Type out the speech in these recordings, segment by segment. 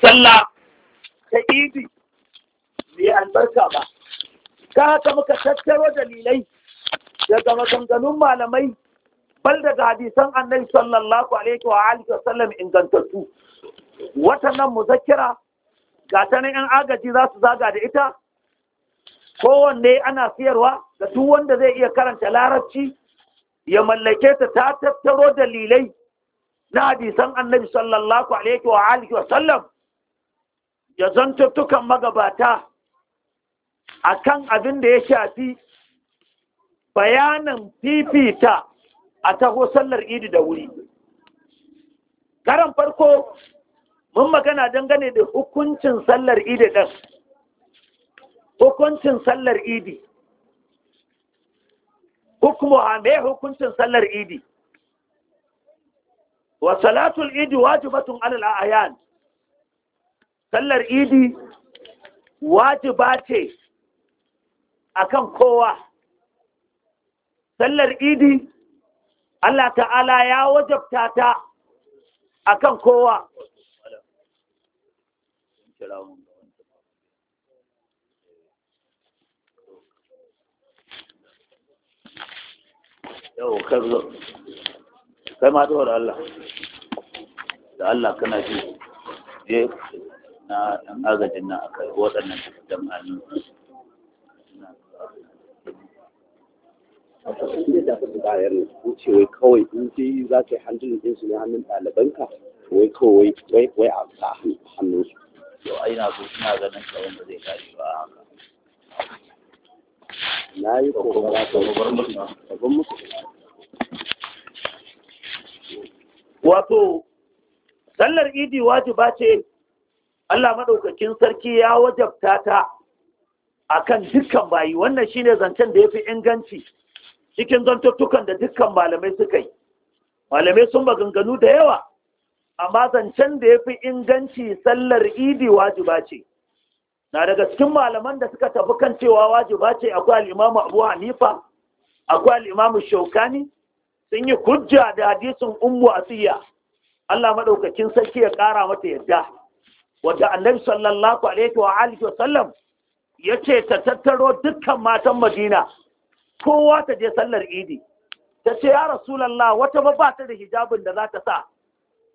sallah ta idi mai albarka ba Ka haka muka tattaro dalilai daga maganganun malamai bal daga hadisan annabi sallallahu alaihi wa alihi wasallam ingantattu watannan muzakkira ga ta yan agaji za su zaga da ita kowanne ana siyarwa da duk wanda zai iya karanta larabci ya mallake ta ta tattaro dalilai na hadisan annabi sallallahu alaihi wa alihi zanto zantuttukan magabata a kan abin da ya shafi bayanan fifita a taho sallar idi da wuri. Karan farko mun magana dangane da hukuncin sallar idi ɗan, Hukuncin sallar idi. Hukumu me hukuncin sallar idi. Wa salatul idi wajibatun alal a'yan. sallar idi wajiba ce akan kowa sallar idi Allah ta'ala ya wajabta ta akan kowa yau karzo zo kai ma da Allah da Allah kana ji na ɗan agajin nan a karɓi waɗannan jam'anin a kusan zai dafa su bayar ne ko ce wai kawai in dai za ka yi handling ɗinsu ne hannun ɗalibanka wai kawai wai wai a sa hannun su yau ai na so ina ganin tsawon da zai tashi ba na yi kokara ta babban musu wato sallar idi wajiba ce Allah madaukakin sarki ya wajabta ta akan dukkan bayi wannan shine zancen da fi inganci cikin zantuttukan da dukkan malamai suka yi malamai sun maganganu da yawa amma zancen da yafi inganci sallar idi wajiba ce na daga cikin malaman da suka tafi kan cewa wajiba ce akwai al'imamu abu hanifa akwai al'imamu shaukani sun yi hujja da hadisin ummu asiya Allah madaukakin sarki ya kara mata yadda wadda annabi sallallahu alaihi wa alihi wa sallam yace ta tattaro dukkan matan Madina kowa ta je sallar Idi tace ce ya Rasulullah wata ba ta da hijabin da za ta sa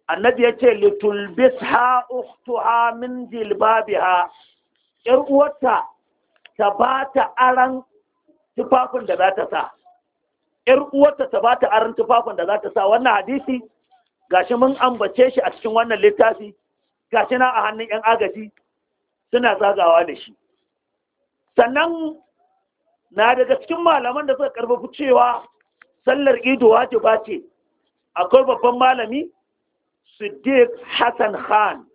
annabi yace litulbisha ukhtuha min jilbabiha yar uwarta ta ba ta aran tufafin da za ta sa ‘yar uwarta ta ba ta aran tufafin da za ta sa wannan hadisi gashi mun ambace shi a cikin wannan littafi gashi a hannun 'yan agaji suna zagawa da shi sannan na daga cikin malaman da suka karfafi cewa sallar ido ba ce akwai babban malami siddiq hassan khan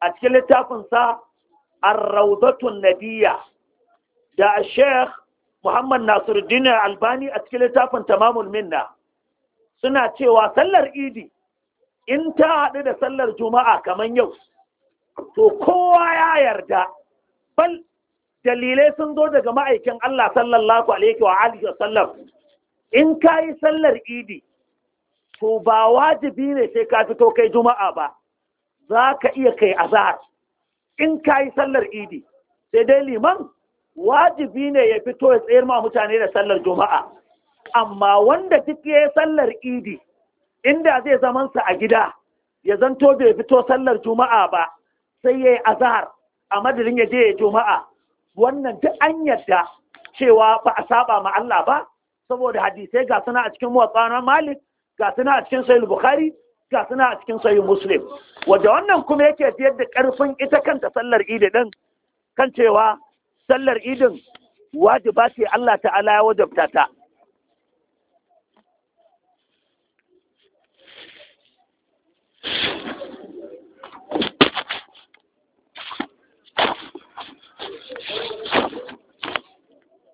a cikin littafinsa al-Rauzatun nabiya da a sheikh muhammad nasiruddin albani a cikin littafin tamamul minna suna cewa sallar idi in ta haɗu da sallar juma'a kamar yau to kowa ya yarda bal dalilai sun zo daga ma'aikin Allah sallallahu alaihi wa alihi wa sallam in ka yi sallar idi to ba wajibi ne sai ka fito kai juma'a ba za ka iya kai azhar in ka yi sallar idi sai dai liman wajibi ne ya fito ya tsayar ma mutane da sallar juma'a amma wanda duk ya yi sallar idi inda zai zamansa a gida ya zanto bai fito sallar juma'a ba sai ya yi azahar a madadin ya je juma'a wannan duk an yadda cewa ba a saba ma Allah ba saboda hadisai ga suna a cikin muwatsanar malik ga suna a cikin sahih bukhari ga suna a cikin sahih muslim wanda wannan kuma yake fiyar da karfin ita kanta sallar idi din kan cewa sallar idin wajiba ce Allah ta'ala ya wajabta ta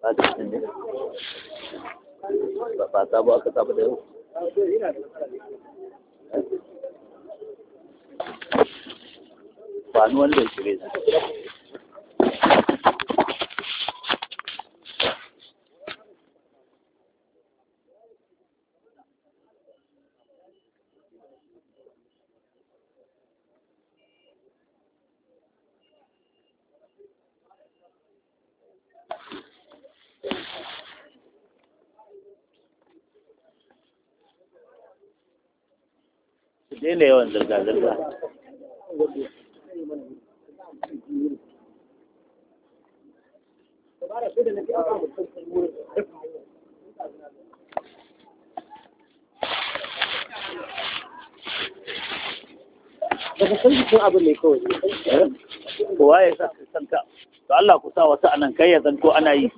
adalcin ne ba sabo aka saba da yau ba ni wanda ya shirya daina yawan zirga-zirga daga san jikin abin ne kawai eh? kowa ya sa kanka to Allah ku sa wata anan kai ya zanto ana yi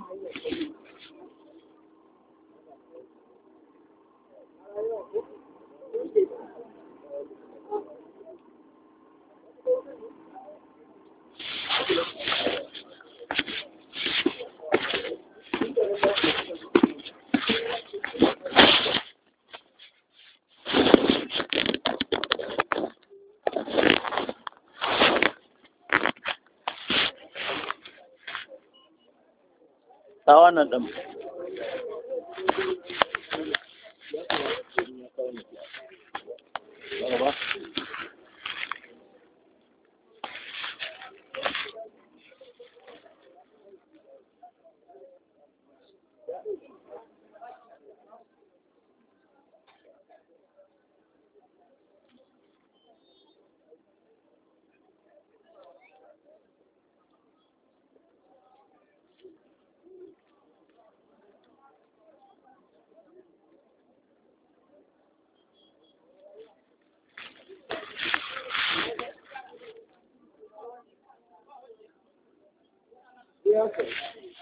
Adam. haka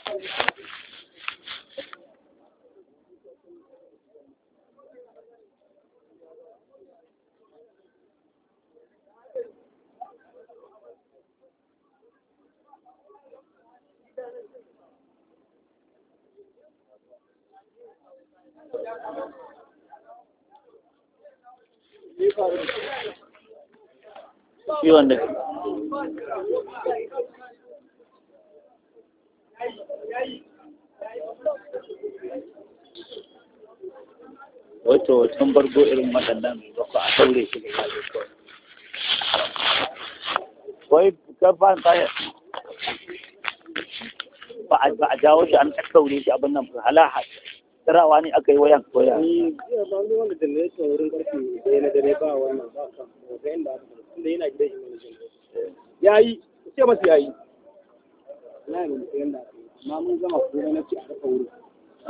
ciwon wato wajen bargo irin waɗannan bako a daure shi da kaji kawai wai gaban baya ba a ba a jawo shi an tattaure shi abin nan hala tsirawa ne aka yi wayan koya ya yi ce masu ya yi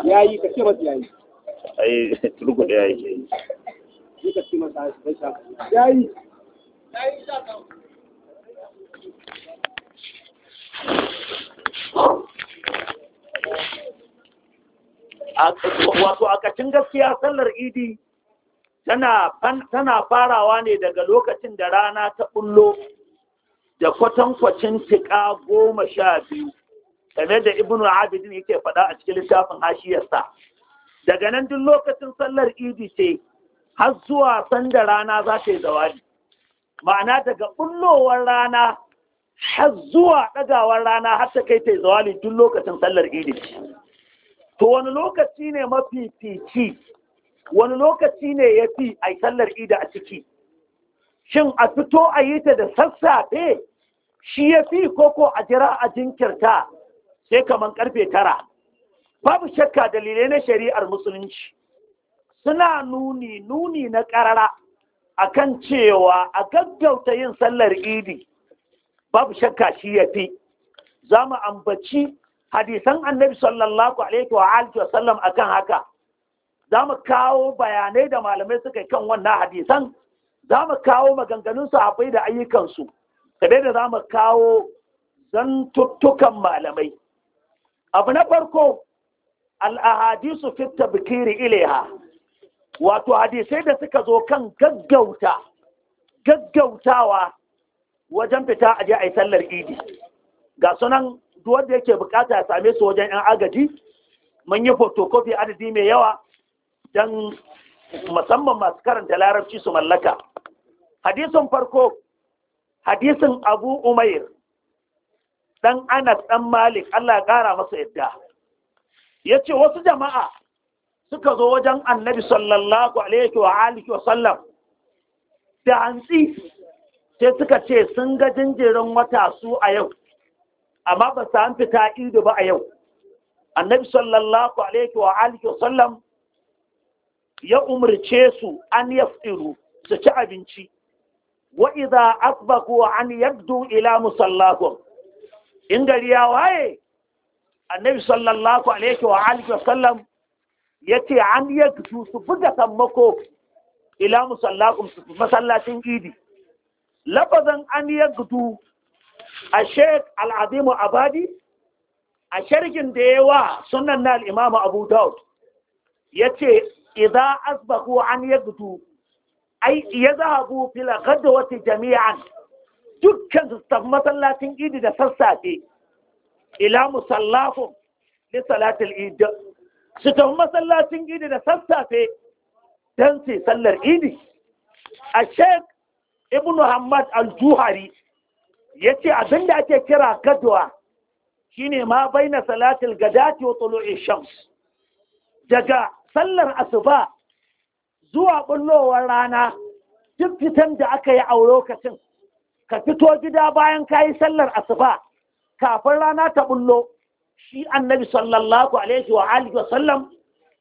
ya yi ka ce masu ya yi ai wato a kacin gaskiya sallar idi tana farawa ne daga lokacin da rana ta bullo da kwatankwacin tiƙa goma sha biyu game da ibnu abidin yake faɗa a cikin littafin hashiyarsa daga nan duk lokacin sallar idi ce har zuwa sanda rana za ta yi zawadi ma'ana daga bullowar rana har zuwa ɗagawar rana har ta kai ta yi zawadi duk lokacin sallar idi to wani lokaci ne mafi mafifici wani lokaci ne ya fi a yi sallar idi a ciki shin a fito a yi ta da sassafe shi ya fi koko a jira a jinkirta sai kamar karfe tara babu shakka dalilai na shari'ar musulunci suna nuni nuni na ƙarara akan cewa a gaggauta yin sallar idi babu shakka shi ya fi za mu ambaci hadisan annabi sallallahu alaihi wa alihi wa sallam akan haka za mu kawo bayanai da malamai suka yi kan wannan hadisan za mu kawo maganganun sahabbai da ayyukansu kadai da za mu kawo zantuttukan malamai abu na farko al'ahadisu fitta bikiri Ileha, wato hadisai da suka zo kan gaggauta gaggautawa wajen fita a je a yi sallar idi ga sunan wanda yake bukata ya same su wajen 'yan agaji mun yi fotokofi adadi mai yawa don musamman masu karanta larabci su mallaka hadisin farko hadisin abu umair ɗan anas dan malik allah ƙara masa yadda ya ce wasu jama'a suka zo wajen annabi sallallahu alaihi wa alihi wa sallam da hantsi sai suka ce sun ga jinjirin wata su a yau amma ba su an fita ido ba a yau annabi sallallahu alaihi wa alihi wa sallam ya umarce su an yaftiru su ci abinci wa idza asbaku an yabdu ila musallahum in gari ya waye annabi sallallahu alaihi wa alihi wa sallam yace an yaktu su buga sammako ila musallakum masallacin idi lafazan an yaktu a sheikh al abadi a sharhin da wa sunan na al-imam abu daud yace idza asbahu an yaktu ai yadhabu da wata jami'an dukkan su masallacin idi da sassafe ila musallafun li salatul id su tafi masallacin idi da sassafe don su sallar idi a sheik ibn Muhammad al-juhari ya ce abinda ake kira gadwa shine ma baina salatul gadati wa tulu'i shams daga sallar asuba zuwa bullowar rana duk fitan da aka yi a lokacin ka fito gida bayan kayi sallar asuba kafin rana ta bullo shi annabi sallallahu alaihi wa alihi wasallam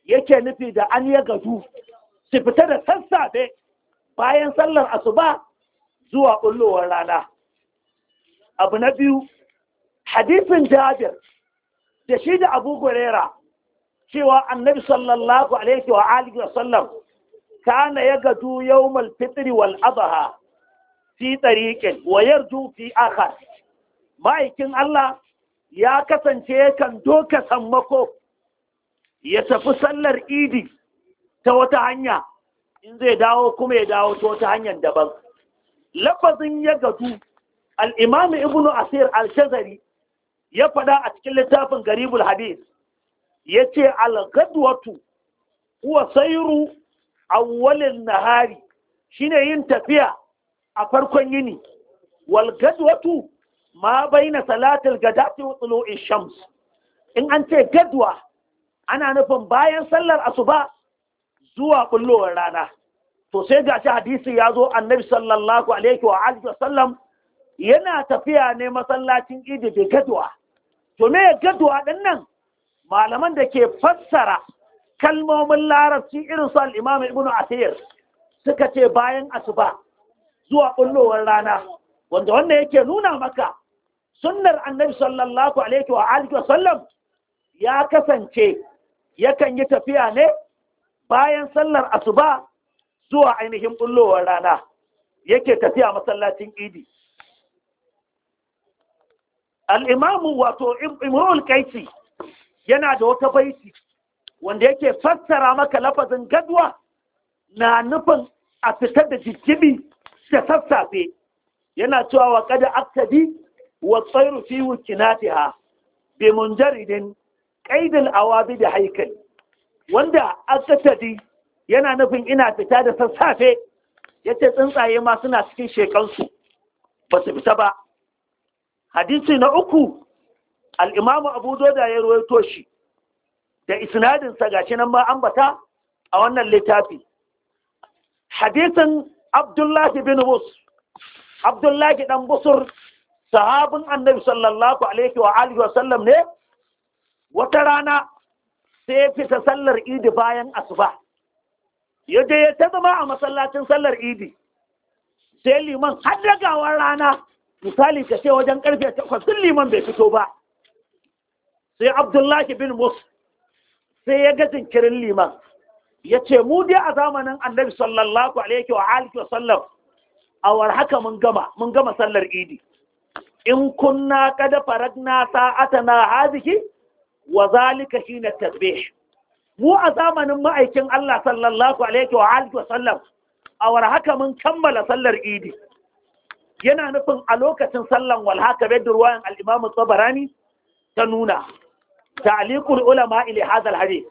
yake nufi da an ya gaju su fita da sassafe bayan sallar asuba zuwa bullowar rana abu na biyu hadisin jabir da shi da abu gurera cewa annabi sallallahu alaihi wa alihi wasallam kana ya gaju yawmal fitri wal adha fi tariqin wa yarju fi akhar ma'aikin Allah ya kasance kan doka sammako ya tafi sallar idi ta wata hanya in zai dawo kuma ya dawo ta wata hanyar daban lafazin ya gadu al'imami ibnu asir al-shazari ya faɗa a cikin littafin garibul hadis ya ce al-gadwatu kuwa sairu awwalin nahari shine yin tafiya a farkon yini wal ma baina salatul gadati wa tulu'i shams in an ce gadwa ana nufin bayan sallar asuba zuwa kullowar rana to sai ga shi hadisi ya zo annabi sallallahu alaihi wa alihi wasallam yana tafiya ne masallacin idi da gadwa to me gadwa din nan malaman da ke fassara kalmomin larabci irin su al-imam ibnu asir suka ce bayan asuba zuwa kullowar rana wanda wannan yake nuna maka sunnar annabi sallallahu alaihi wa alihi wasallam ya kasance yakan yi tafiya ne bayan sallar asuba zuwa ainihin bullowar rana yake tafiya masallacin idi al'imamu wato imrul kaisi yana da wata baiti wanda yake fassara maka lafazin gadwa na nufin a fitar da jikibi da sassafe yana cewa wa kada aktadi والطير في jaridin بمنجرد awabi da هيكل wanda akasadi yana nufin ina fita da sassafe yace tsuntsaye ma suna cikin shekansu ba su fita ba hadisi na uku al-imamu abu doda ya rawaito shi da isnadin sa gashi nan a wannan littafi hadisin abdullahi bin bus abdullahi dan busur sahabin annabi sallallahu alaihi wa alihi wa sallam ne wata rana sai ya fita sallar idi bayan asuba ya je ya ta zama a masallacin sallar idi sai liman har dagawar rana misali ka ce wajen karfe takwas din liman bai fito ba sai abdullahi bin mus sai ya ga jinkirin liman ya ce mu dai a zamanin annabi sallallahu alaihi wa alihi wa sallam a war haka mun gama mun gama sallar idi in kunna kada faragna sa'atana hadhihi wa zalika na tasbih mu a zamanin ma'aikin Allah sallallahu alaihi wa alihi wa sallam a haka mun kammala sallar idi yana nufin a lokacin sallan wal haka bai ruwayan al-Imam Tabarani ta nuna ta'liqul ulama ila hadha al-hadith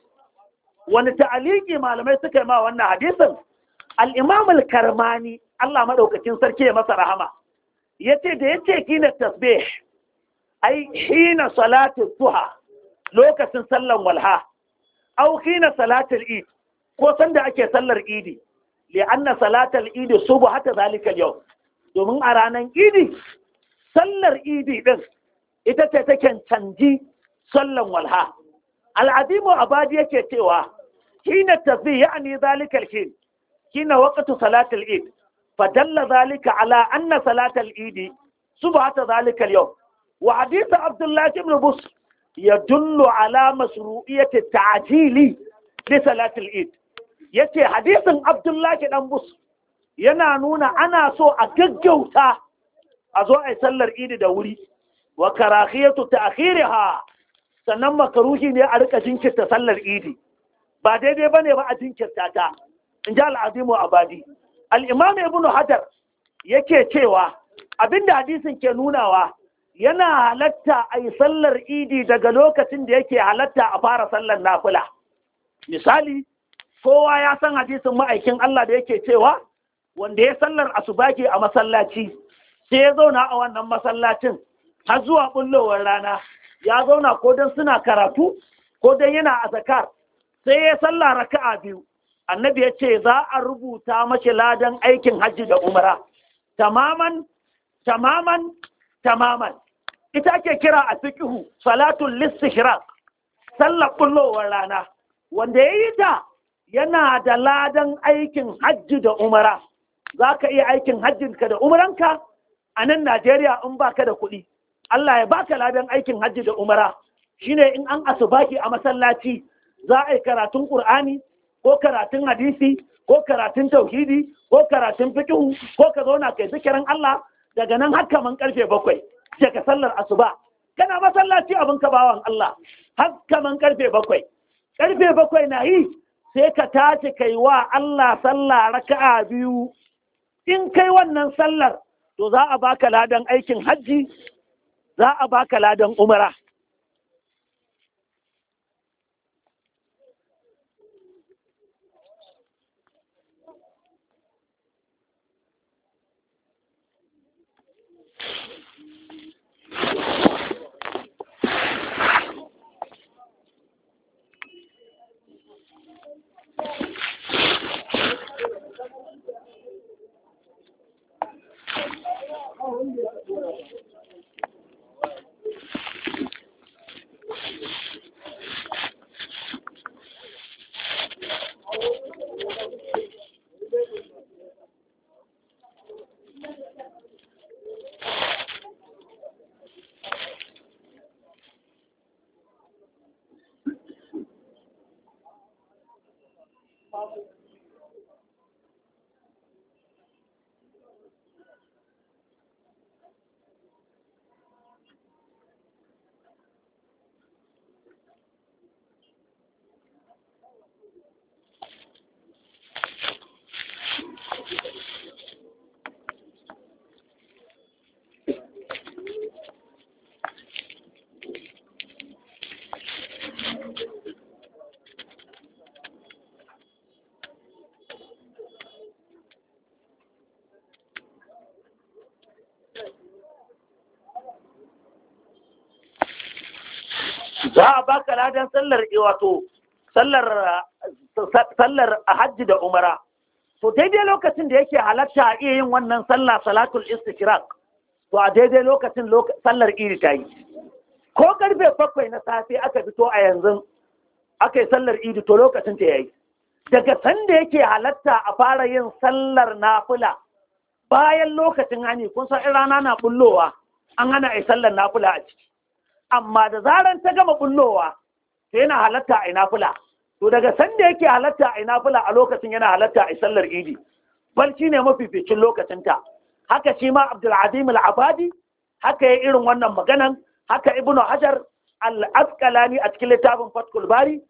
wani ta'liqi malamai suka yi ma wannan hadisin al-Imam al-Karmani Allah madaukakin sarki ya masa rahama Yace da yace kina tasbih ai hina salatin duha lokacin sallan walha au hina salatul id ko sanda ake sallar idi li'anna salatal idi subu hata zalika yau domin a ranar idi sallar idi din ita ce take canji sallan walha a abadi yake cewa hina tasbih ya'ni zalika al-hin hina waqtu salatul id فدل ذلك على أن صلاة العيد صبحة ذلك اليوم وحديث عبد الله بن بصر يدل على مشروعية التعجيل لصلاة العيد yace hadisin Abdullahi dan Bus yana nuna ana so a gaggauta a zo a sallar Idi da wuri wa karahiyatu sannan makaruhi ne a rika jinkirta sallar Idi ba daidai ne ba a jinkirta ta in ji al'adimu abadi al'imam ibn hajar yake cewa abinda hadisin ke nunawa yana halatta a yi sallar idi daga lokacin da yake halatta a fara sallar nafula. misali kowa ya san hadisin ma'aikin Allah da yake cewa wanda ya sallar asubaki a masallaci sai ya zauna a wannan masallacin har zuwa bullowar rana ya zauna ko don suna karatu ko don yana zakar sai ya salla raka'a biyu annabi ya ce za a rubuta mashi ladan aikin hajji da umara tamaman tamaman tamaman ita ake kira a fikihu salatul listishraq sallar bullowar rana wanda ya yi ta yana da ladan aikin hajji da umara za ka iya aikin hajjinka da umaranka a nan najeriya in baka da kuɗi allah ya baka ladan aikin hajji da umara shine in an asu baki a masallaci za a yi karatun ƙur'ani ko karatun hadisi ko karatun tauhidi ko karatun fiqhu ko ka zauna kai zikirin Allah daga nan har kaman karfe bakwai sai ka sallar asuba kana masallaci abin ka bawan Allah har kaman karfe bakwai karfe bakwai na yi sai ka tashi kai wa Allah sallah raka'a biyu in kai wannan sallar to za a baka ladan aikin hajji za a baka ladan umara 哦耶！bayan sallar eh, wato sallar sallar hajji da umara to daidai lokacin da yake halatta a iya yin wannan sallah salatul istikrak to a daidai lokacin sallar iri ta yi ko karfe bakwai na safe aka fito a yanzu aka yi sallar idi to lokacin ta yayi daga sanda yake halatta a fara yin sallar nafila bayan lokacin hani kun san rana na bullowa an hana a yi sallar nafila a ciki amma da zaran ta gama bullowa sai yana halatta a Inafula. to daga sanda yake halatta a Inafula a lokacin yana halatta a sallar idi barci ne mafificin lokacinta haka shi ma abdulazim al-abadi haka ya irin wannan maganan haka ibnu hajar al-asqalani a cikin littafin fatkul bari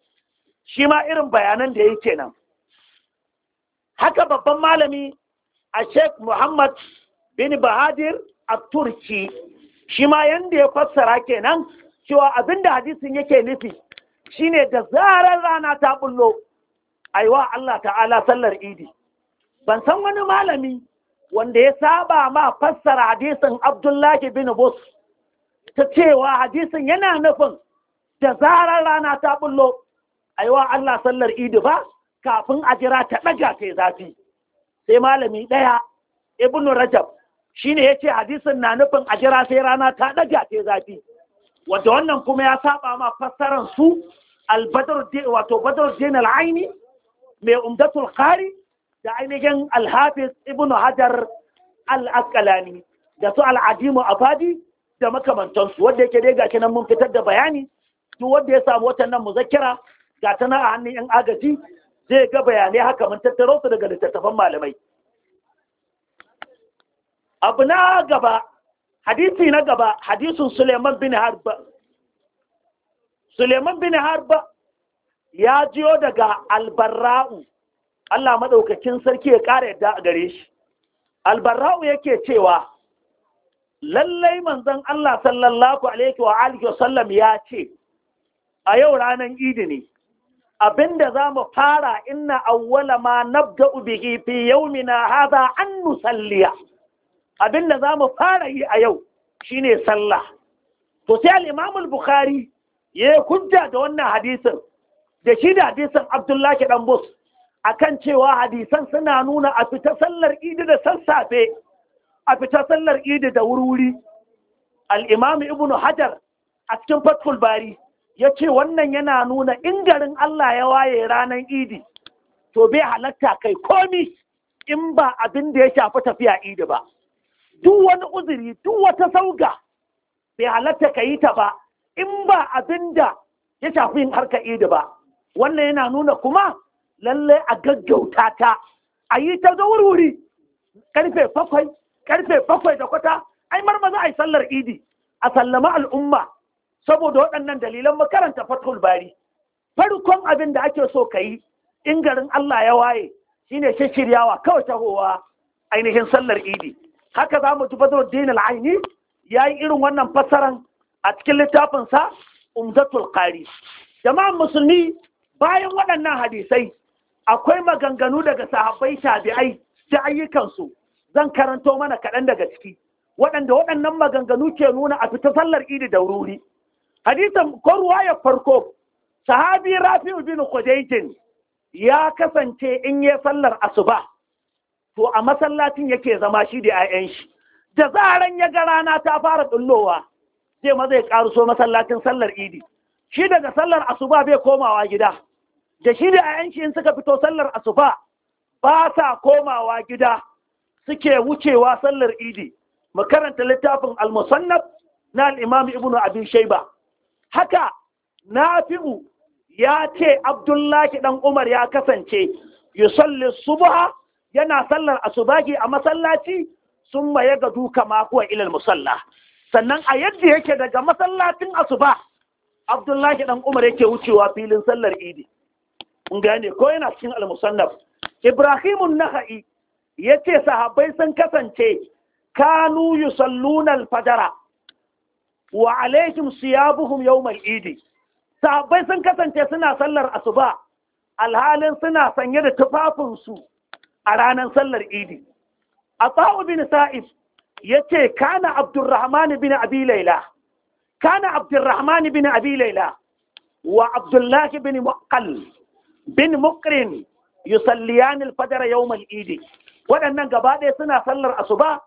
shi ma irin bayanan da yake kenan haka babban malami a sheikh muhammad bin bahadir a turki shi ma yanda ya fassara kenan cewa abinda hadisin yake nufi shine da zarar rana ta bullo aiwa Allah ta'ala sallar idi ban san wani malami wanda ya saba ma fassara hadisin Abdullahi bin Bus ta cewa hadisin yana nufin da zarar rana ta bullo aiwa Allah sallar idi ba kafin a jira ta ɗaga ta zafi sai malami ɗaya ibn rajab shine yace hadisin na nufin a jira sai rana ta ɗaga ta zafi wanda wannan kuma ya saba ma fassarar su albadar wato badar din al'aini mai umdatul khari da ainihin alhafiz ibn hajar al-asqalani da su al-adimu afadi da makamantansu wanda yake dai gashi nan mun fitar da bayani duk wanda ya samu watannan muzakkira ga ta a hannun yan agaji zai ga bayanai haka mun tattaro su daga littattafan malamai abu na gaba hadisi na gaba hadisin suleiman bin harba Suleiman bin Harba ya jiyo daga albarra'u, Allah maɗaukakin sarki ya ƙara yadda a gare shi. Albarra'u yake cewa, lallai manzon Allah sallallahu Alaihi wa Alihi sallam ya ce, a yau ranar idi ne, abinda za mu fara inna awwala ma nabda bihi fi yaumina haza an nusalliya. Abinda za mu fara yi a yau shine sallah. To sai al-Imam al-Bukhari ya yi kujja da wannan hadisin da shi da hadisin abdullahi dan bus A kan cewa hadisan suna nuna a fita sallar idi da sassafe a fita sallar idi da wurwuri al'imam ibn hajar a cikin fatkul bari ya ce wannan yana nuna in garin allah ya waye ranar idi to bai halatta kai komi in ba abin da ya shafi tafiya idi ba duk wani uzuri duk wata sauga bai halatta ka yi ta ba in ba abin da ya shafi yin harka idi ba wannan yana nuna kuma lallai a gaggauta ta a yi ta zo wurwuri karfe bakwai karfe bakwai da kwata ai marmaza a yi sallar idi a sallama al'umma saboda waɗannan dalilan makaranta fatul bari farkon abin da ake so ka yi in garin Allah ya waye shine shiryawa kawai tahowa ainihin sallar idi haka za mu ji badruddin al'aini ya yi irin wannan fassaran a cikin littafinsa umzatul qari jama'an musulmi bayan waɗannan hadisai akwai maganganu daga sahabbai tabi'ai da ayyukansu zan karanto mana kaɗan daga ciki waɗanda waɗannan maganganu ke nuna a fita sallar idi da wuri hadisan ko ya farko sahabi rafi'u bin khudayjin ya kasance in yi sallar asuba to a masallacin yake zama shi da 'ya'yan shi da zaran ya ga rana ta fara dullowa zai ma zai karuso masallacin sallar idi shi daga sallar asuba bai komawa gida da shi da ayan in suka fito sallar asuba ba sa komawa gida suke wucewa sallar idi mu karanta littafin al-musannaf na al-imam ibnu abi shayba haka nafi'u ya ce abdullahi dan umar ya kasance yusalli subha yana sallar asubaki a masallaci sun maye ga duka makuwa ilal musalla sannan a yadda yake daga masallacin asuba abdullahi dan umar yake wucewa filin sallar idi in gane ko yana cikin almusannaf ibrahimun naha'i yace sahabbai sun kasance kanu yusalluna alfajara wa alaihim siyabuhum yawmal idi sahabbai sun kasance suna sallar asuba alhalin suna sanye da tufafinsu a ranar sallar idi a bin sa'ib yace kana abdurrahman bin abi laila kana abdurrahman bin abi laila wa abdullah bin muqall bin muqrin yusalliyan al-fajr yawm al-eid waɗannan gaba ɗaya suna sallar asuba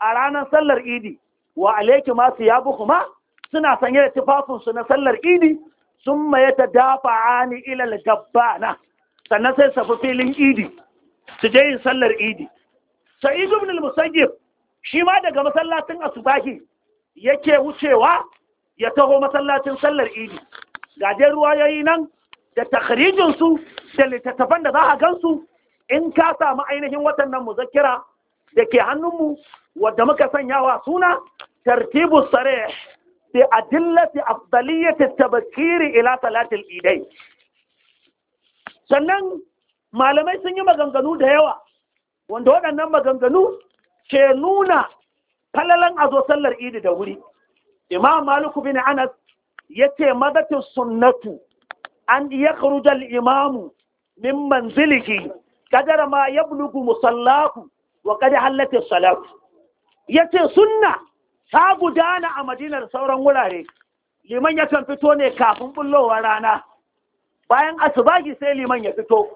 a ranar sallar idi wa alayki ma siyabuhuma suna sanye da tufafinsu na sallar idi sun maye ta dafa ilal gabbana sannan sai safi filin idi su je yin sallar idi sa'id ibn al-musayyib shi ma daga masallacin asubahi yake wucewa ya taho masallacin sallar idi ga gajen ruwayoyi nan da su da littattafan da za a gansu in ka samu ainihin watannan muzakkira da ke hannunmu wadda muka sanya wa suna tartibu sare bi adillati afdaliyati tabakiri ila salatil idai sannan malamai sun yi maganganu da yawa wanda waɗannan maganganu ke nuna falalan a sallar idi da wuri imam maliku bin anas ya ce madatin sunnatu an iya karujal imamu min manzilihi kadar ma ya bulugu musallaku wa kada hallatin salatu ya ce sunna ta gudana a madinar sauran wurare liman ya kan fito ne kafin bullowar rana bayan asubagi sai liman ya fito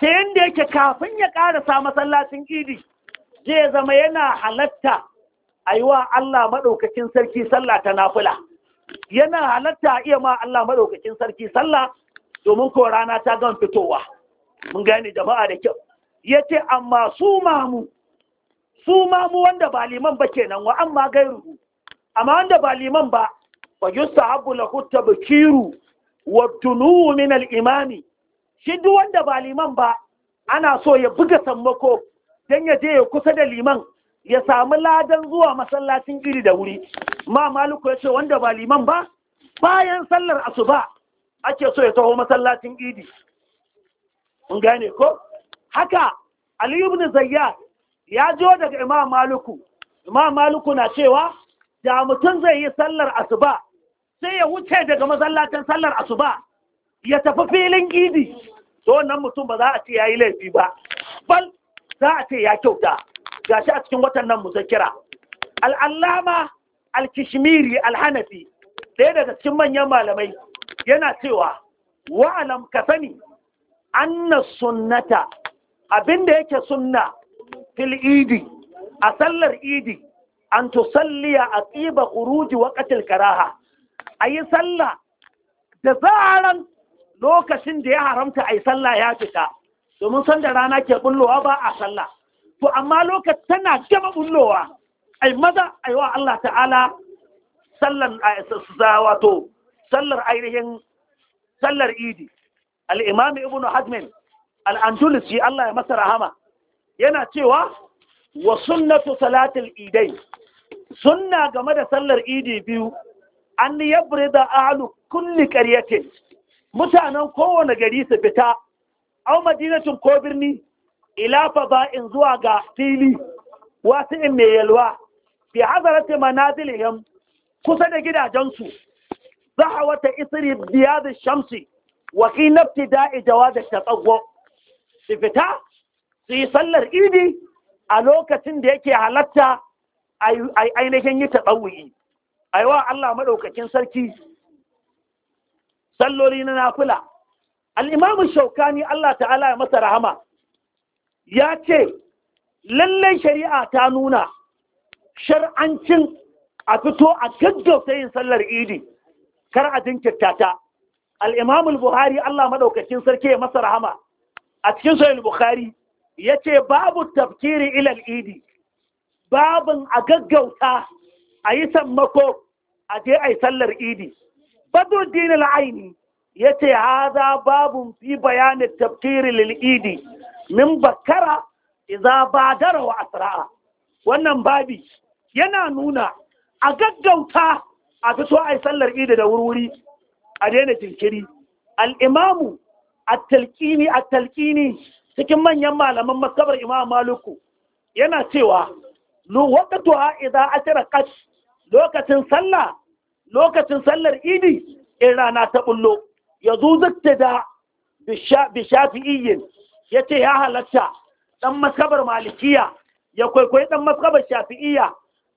sai inda yake kafin ya karasa masallacin idi zai zama yana halatta a yi wa Allah maɗaukacin sarki sallah ta nafula yana halatta a iya ma Allah maɗaukacin sarki sallah domin ko rana ta gan fitowa mun gane jama'a da kyau ya ce amma su mamu su mamu wanda ba liman ba kenan wa amma gairu amma wanda ba liman ba la hutta ba kiru wa tunu min al-imami shi duk wanda ba liman ba ana so ya buga sammako don ya je ya kusa da liman ya samu ladan zuwa masallacin iri da wuri ma maluku ya ce wanda ba liman ba bayan sallar asuba ake so ya taho masallacin idi mun gane ko haka ali ibn zayya ya jo daga imam maluku imam maluku na cewa da mutum zai yi sallar asuba sai ya wuce daga masallacin sallar asuba ya tafi filin idi to wannan mutum ba za a ce yayi laifi ba bal za a ce ya kyauta gashi a cikin watan nan muzakkira al'allama al-kishmiri al-hanafi ɗaya daga cikin manyan malamai yana cewa wa'alam ka sani anna sunnata abinda yake sunna fil idi a sallar idi an salliya a tsiba kuruji waƙatil karaha a yi sallah da zaran lokacin da ya haramta a yi sallah ya fita domin san da rana ke bullowa ba a sallah to amma lokacin tana gama bullowa ai maza ai wa Allah ta'ala sallan wato sallar ainihin sallar idi al-imam ibn hazm al-andalusi Allah ya masa rahama yana cewa wa sunnatu salatil idai sunna game da sallar idi biyu an yabrida ahlu kulli qaryatin mutanen kowane gari su fita au madinatun ko birni ila ba'in zuwa ga fili wasu in mai yalwa fi hazarati manazilihim kusa da gidajensu a wata isri biyadu shamsi wa qila ibtida'i da ta tatawwu su fita su yi sallar idi a lokacin da yake halatta ai ainihin yi A yawa Allah maɗaukakin sarki salloli na nafula. al'imamu shaukani Allah ta'ala ya masa rahama ya ce lallai shari'a ta nuna shar'ancin a fito a gaggauta yin sallar idi kar a jinkirta ta al'imamul buhari Allah maɗaukacin sarki ya masa rahama a cikin sayar buhari ya ce babu tafkiri ilal idi babin a gaggauta a yi sammako a je a yi sallar idi badruddin la'ani. ya ce haza babun fi bayanin tafsirin lil'idi min bakara iza badara wa asra'a wannan babi yana nuna a gaggauta a fito a yi sallar idi da wurwuri a daina jinkiri al'imamu a talƙini a cikin manyan malaman masabar imam maluku yana cewa wakatu ha idan ashira kash lokacin sallah lokacin sallar idi in rana ta bullo ya zuzukta da bishafi'iyyin ya ce ya halatta ɗan maskabar malikiya ya kwaikwayi ɗan maskabar shafi'iyya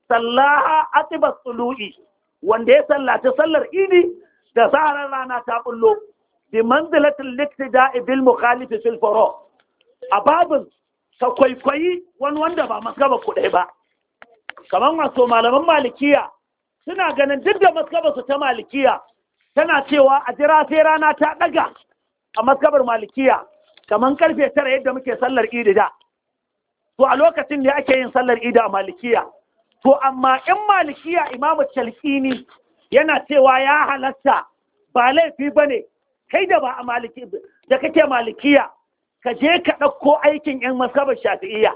sallaha atibar tsulu'i wanda ya sallaci sallar idi da saharar rana ta bullo bi manzilatin liktida ibil mukhalifi fil faro a babin ka kwaikwayi wani wanda ba maskaba kuɗi ba kamar wato malaman malikiya suna ganin duk da su ta malikiya tana cewa a jira sai rana ta daga a maskabar malikiya kamar karfe tara yadda muke sallar idi da to a lokacin da ake yin sallar idi a malikiya to amma in malikiya imamu chalkini yana cewa ya halatta ba laifi ba ne kai da ba a maliki da kake malikiya ka je ka ɗauko aikin yan maskabar shafi'iyya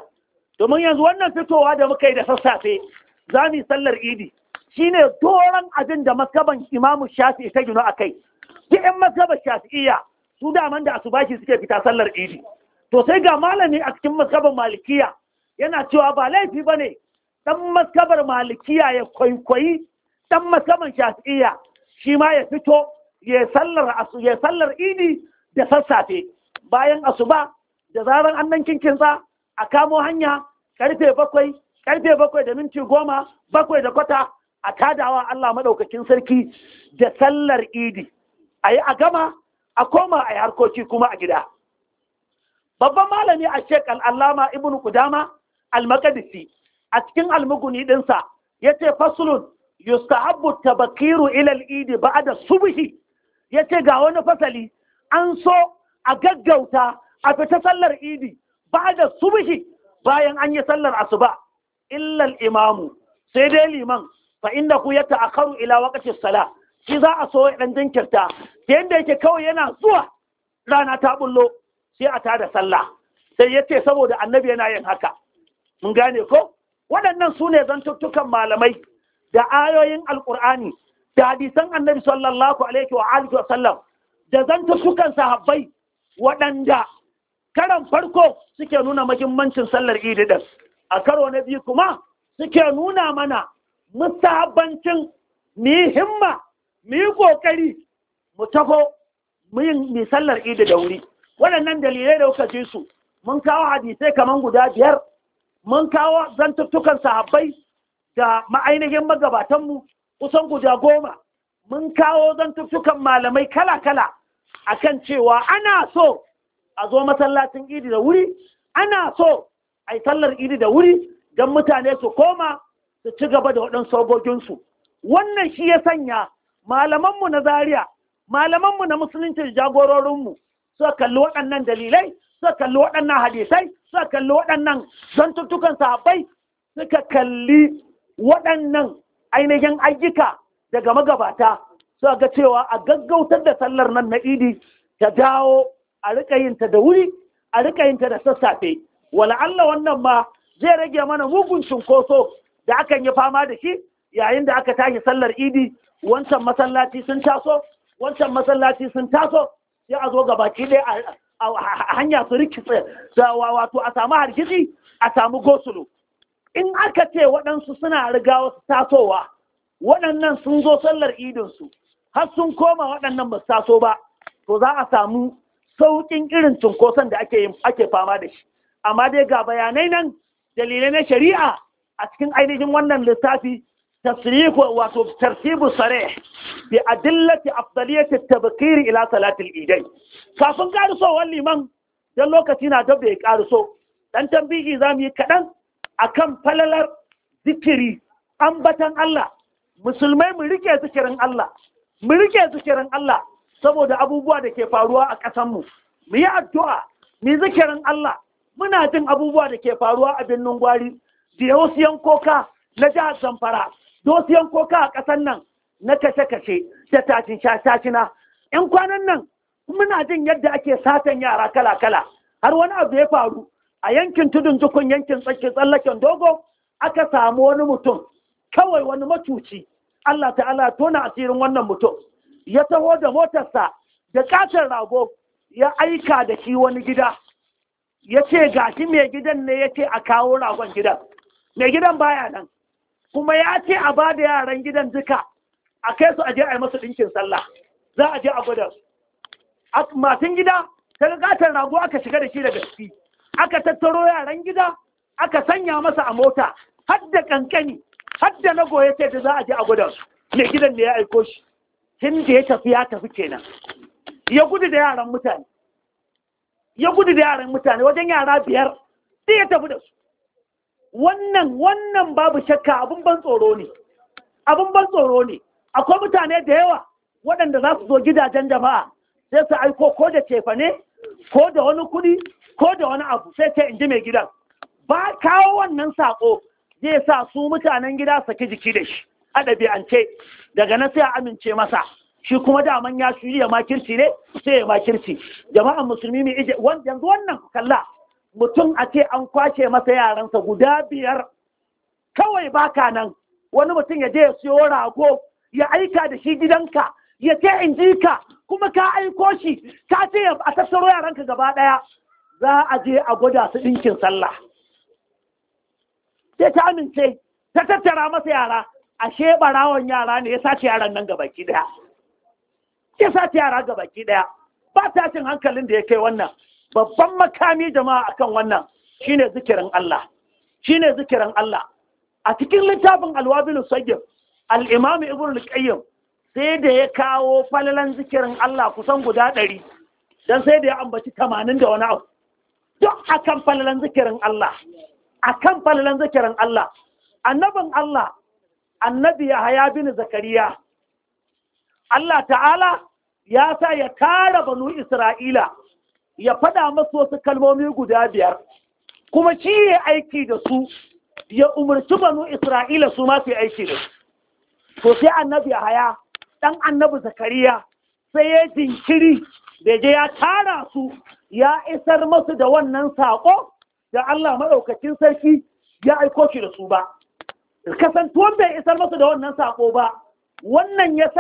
domin yanzu wannan fitowa da muka yi da sassafe za mu yi sallar idi Shi ne doron abin da maskaban imamu shafi ta gino a kai ki yan maskaban shafi'iya su daman da asubashi suke fita sallar idi to sai ga malami a cikin maskaban malikiya yana cewa ba laifi ba ne ɗan maskabar malikiya ya kwaikwayi ɗan maskaban shafi'iya shi ma ya fito ya sallar idi da sassafe bayan asuba da zaran annan kinkinsa a kamo hanya karfe bakwai karfe bakwai da minti goma bakwai da kwata a tadawa Allah maɗaukakin sarki da sallar idi a yi a gama a koma a yi harkoki kuma a gida babban malami a shek al'allama ibn kudama al a cikin almuguni ɗinsa ya ce fasulun yustahabbu tabakiru ilal idi ba da subuhi ya ce ga wani fasali an so a gaggauta a fita sallar idi ba da subuhi bayan an yi sallar asuba illal imamu sai dai liman fa inda ku yata akaru ila waqti sala shi za a so ya dan jinkirta da yanda yake kawai yana zuwa rana ta bullo sai a tada sallah sai yace saboda annabi yana yin haka mun gane ko waɗannan su ne zantuttukan malamai da ayoyin alkur'ani da hadisan annabi sallallahu alaihi wa alihi wa da zantuttukan sahabbai waɗanda karan farko suke nuna muhimmancin sallar idi din a karo na biyu kuma suke nuna mana sabancin mu yi himma mu yi ƙoƙari mu taho mu yi sallar idi da wuri waɗannan dalilai da kuka ji su mun kawo hadisai kamar guda biyar mun kawo zantuttukan sahabbai da ma'ainihin magabatanmu kusan guda goma mun kawo zantuttukan malamai kala-kala A kan cewa ana so a zo masallacin idi da wuri ana so a yi sallar idi da wuri don mutane su koma su ci gaba da waɗansu sogoginsu wannan shi ya sanya malamanmu na zaria malamanmu na musulunci da jagororinmu suka kalli waɗannan dalilai suka kalli waɗannan hadisai suka kalli waɗannan zantuttukan sahabbai suka kalli waɗannan ainihin ayyuka daga magabata suka ga cewa a gaggautar da sallar nan na idi ta dawo a riƙa yinta da wuri a riƙa yinta da sassafe Wala Allah wannan ma zai rage mana mugun cunkoso da akan yi fama da shi yayin da aka tashi sallar idi wancan masallaci sun taso wancan masallaci sun taso sai a zo gabaki daya a hanya su rikitse wato a samu hargitsi a samu gosulo in aka ce waɗansu suna riga wasu tasowa waɗannan sun zo sallar idinsu har sun koma waɗannan ba su taso ba to za a samu sauƙin irin cunkoson da ake fama da shi amma dai ga bayanai nan dalilai na shari'a a cikin ainihin wannan littafi tasrifu wato tartibu sarih bi adillati afdaliyati tabkir ila salatil idai kafin wannan liman dan lokaci na dab da ya kariso dan tambiki zamu yi kadan akan falalar zikiri ambatan Allah musulmai mu rike zikirin Allah mu rike zikirin Allah saboda abubuwa da ke faruwa a ƙasar mu mu yi addu'a mu zikirin Allah muna jin abubuwa da ke faruwa a binnin gwari da wasu yankoka na jihar zamfara da wasu yankoka a ƙasar nan na kashe-kashe da tashin-tashina ‘yan kwanan nan muna jin yadda ake satan yara kala-kala har wani abu ya faru a yankin tudun jukun yankin tsakin tsallaken dogo aka samu wani mutum kawai wani matuci Allah ta'ala tona asirin wannan mutum ya taho da motarsa da ƙasar rago ya aika da shi wani gida ya ce gashi mai gidan ne ya ce a kawo ragon gidan mai gidan baya nan kuma ya ce a ba da yaran gidan duka a kai su aje a yi masu ɗinkin sallah za a je a gwada matin gida ta gatan rago aka shiga da shi da gaske aka tattaro yaran gida aka sanya masa a mota har da kankani har da na goye ce da za a je a gwada mai gidan da ya aiko shi tun da ya tafi ya tafi kenan ya gudu da yaran mutane ya gudu da yaran mutane wajen yara biyar sai ya tafi da su wannan wannan babu shakka abin ban tsoro ne abin ban tsoro ne akwai mutane da yawa waɗanda za su zo gidajen jama'a sai su aiko ko da cefane ko da wani kuɗi ko da wani abu sai ta inji mai gidan ba kawo wannan saƙo zai sa su mutanen gida saki jiki da shi a ɗabi'ance daga na sai a amince masa shi kuma daman ya shuri ya makirci ne sai ya makirci jama'an musulmi mai ije yanzu wannan kalla mutum a ce an kwashe masa yaransa guda biyar kawai baka nan wani mutum ya je ya siyo rago ya aika da shi gidanka ya ce in ji ka kuma ka aiko shi ka ce a tattaro yaranka gaba ɗaya za a je a gwada su ɗinkin sallah sai ta amince ta tattara masa yara ashe barawon yara ne ya sace yaran nan ki ɗaya ya sace yara ki ɗaya ba tashin hankalin da ya kai wannan babban makami jama'a akan wannan shine zikirin Allah shine zikirin Allah a cikin littafin alwabilu sayyid al-imam ibn al sai da ya kawo falalan zikirin Allah kusan guda ɗari don sai da ya ambaci tamanin da wani abu duk akan falalan zikirin Allah akan falalan zikirin Allah annabin Allah annabi Yahaya bin Zakariya Allah ta'ala ya sa ya tara banu Isra'ila ya faɗa masu wasu kalmomi guda biyar kuma shi ya aiki da su ya umarci banu isra'ila su masu aiki da su to sai annabi haya ɗan annabi zakariya sai ya jinkiri da je ya tara su ya isar masu da wannan saƙo da Allah maɗaukacin sarki ya aiko shi da su ba kasantuwan bai isar masu da wannan saƙo ba wannan ya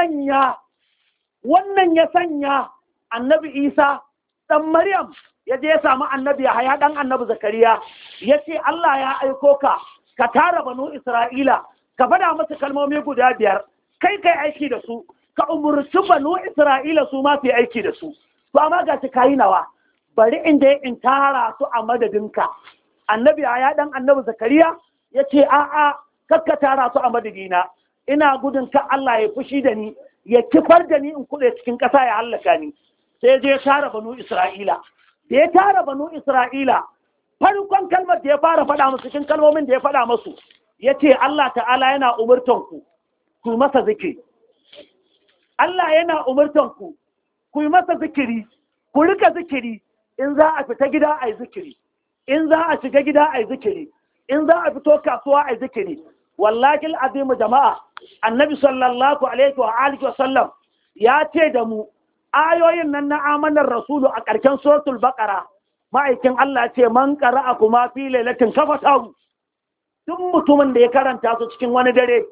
sanya annabi isa dan Maryam ya je ya samu annabi haya dan annabi Zakariya ya ce Allah ya aiko ka ka tara banu Isra'ila ka fada musu kalmomi guda biyar kai kai aiki da su ka umurci banu Isra'ila su ma su aiki da su to amma ga ta kai nawa bari in dai in tara su a madadinka annabi Yahaya dan annabi Zakariya ya ce a'a kakka tara su a madadina ina gudun ka Allah ya fushi da ni ya kifar da ni in kuɗe cikin ƙasa ya hallaka ni sai je tara banu isra'ila da ya tara banu isra'ila farkon kalmar da ya fara faɗa musu cikin kalmomin da ya faɗa musu ya ce Allah ta'ala yana umurtanku ku masa zikiri Allah yana umurtanku ku yi masa zikiri ku rika zikiri in za a fita gida a yi zikiri in za a shiga gida a yi zikiri in za a fito kasuwa a yi zikiri wallahi azimu jama'a annabi sallallahu alaihi wa alihi wa sallam ya ce da mu ayoyin nan na amanar rasulu a ƙarshen sotul Bakara. ma'aikin Allah ce man a kuma fi kafa kafatahu duk mutumin da ya karanta su cikin wani dare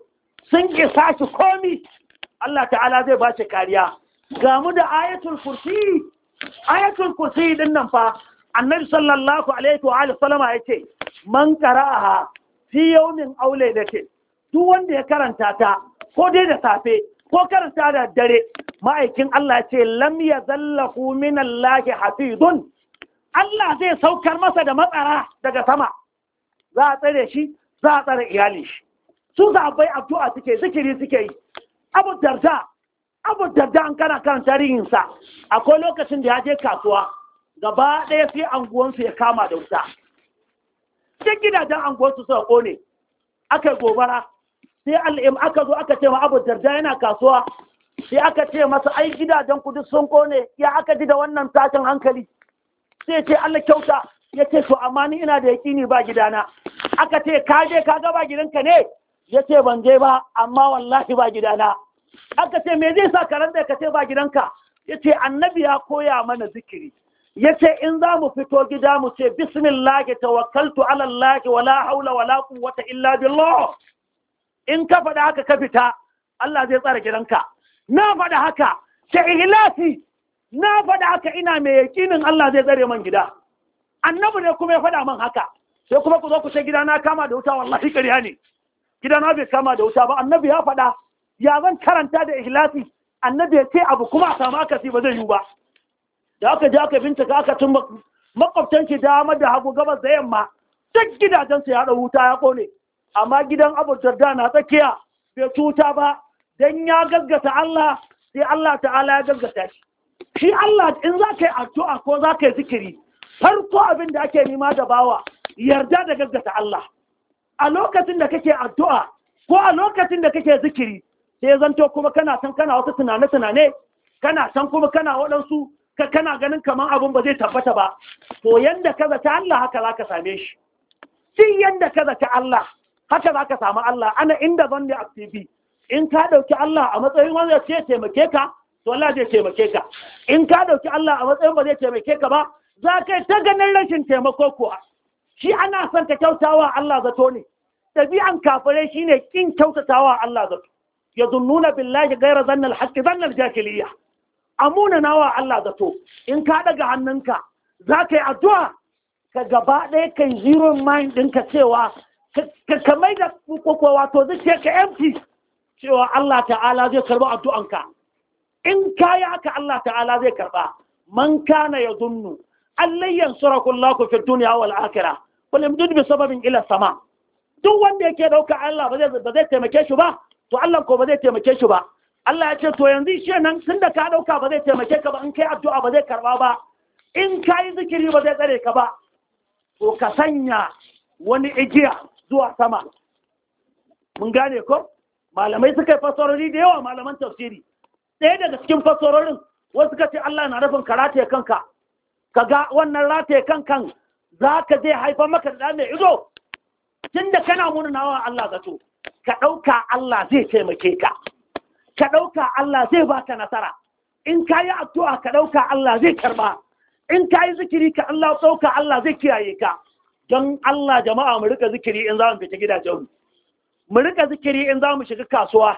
sun kisa shi komi Allah ta'ala zai ba shi kariya ga mu da ayatul kursi ayatul kursi din nan fa annabi sallallahu alaihi wa alihi sallama yace man qara'aha fi yawmin aw duk wanda ya karanta ta ko dai da safe ko karanta da dare ma'aikin Allah ce lam ya zallahu min Allah hafizun Allah zai saukar masa da matsara daga sama za a tsare shi za a tsare iyali shi su bai addu'a suke zikiri suke yi abu darda abu darda an kana kan tarihinsa akwai lokacin da ya je kasuwa gaba ɗaya sai anguwansu ya kama da wuta duk gidajen anguwansu suka kone aka gobara sai al'im aka zo aka ce ma abu darda yana kasuwa sai aka ce masa ai gidajen ku duk sun kone ya aka ji da wannan tashin hankali sai ce Allah kyauta ya ce to amma ni ina da yaƙini ba gidana aka ce ka je ka ga ba gidanka ne ya ce ban je ba amma wallahi ba gidana aka ce me zai sa ka randa ka ce ba gidanka ya ce annabi ya koya mana zikiri ya ce in za mu fito gida mu ce bismillahi tawakkaltu ala Allah wala haula wala quwwata illa billah in ka faɗa haka ka fita Allah zai tsara gidanka na faɗa haka ta ihlasi na faɗa haka ina mai yaƙinin Allah zai tsare man gida annabi ne kuma ya faɗa man haka sai kuma ku zo ku ce gida kama da wuta wallahi ƙarya ne Gidana bai kama da wuta ba annabi ya faɗa ya zan karanta da ihlasi annabi ya ce abu kuma a samu akasi ba zai yiwu ba da aka je aka bincika aka tun makwabtanci dama da hagu gabas da yamma duk su ya ɗau wuta ya ƙone amma gidan abu jarda na tsakiya bai wuta ba dan ya gaggata Allah sai Allah ta'ala ya gaggata shi shi Allah in za ka yi addu'a ko za ka yi zikiri farko abin da ake nema da bawa yarda da gaggata Allah a lokacin da kake addu'a ko a lokacin da kake zikiri sai zanto kuma kana san kana wasu tunane-tunane kana san kuma kana waɗansu ka kana ganin kamar abin ba zai tabbata ba to yanda ka zata Allah haka za ka same shi sai yanda ka zata Allah haka za ka samu Allah ana inda zan da aktibi in ka ɗauki Allah a matsayin wanda ce taimake ka to Allah zai taimake ka in ka ɗauki Allah a matsayin ba zai taimake ka ba za kai ta ganin rashin taimako kuwa shi ana son ka kyautawa Allah zato ne ɗabi'an kafirai shine kin kyautatawa Allah zato ya zunnuna billahi gaira zanna alhaqqi zanna aljahiliyya amuna nawa Allah zato in ka daga hannunka za ka yi addu'a ka gaba ɗaya kai zero mind ɗinka cewa ka mai da kokowa to ka empty cewa Allah ta'ala zai karba addu'anka in kayi haka Allah ta'ala zai karba man kana yadhunnu allai yansuraku Allah fi dunya wal akhirah wal yamdud bi sababin ila sama duk wanda yake ɗauka Allah ba zai taimake shi ba to Allah ko ba zai taimake shi ba Allah ya ce to yanzu shi nan tun da ka ɗauka ba zai taimake ka ba in kai addu'a ba zai karba ba in kayi zikiri ba zai tsare ka ba to ka sanya wani igiya zuwa sama mun gane ko malamai suka yi fasarori da yawa malaman tafsiri ɗaya daga cikin fasarorin wasu ka ce Allah na nufin ka rataye kanka ka ga wannan rataye kankan za ka zai haifar maka da mai ido tun da kana nawa Allah zato ka ɗauka Allah zai taimake ka ka ɗauka Allah zai baka nasara in ka yi addu'a ka ɗauka Allah zai karɓa in ka yi zikiri ka Allah ɗauka Allah zai kiyaye ka don Allah jama'a mu rika zikiri in za mu fita gidajen mu mu rika zikiri in za mu shiga kasuwa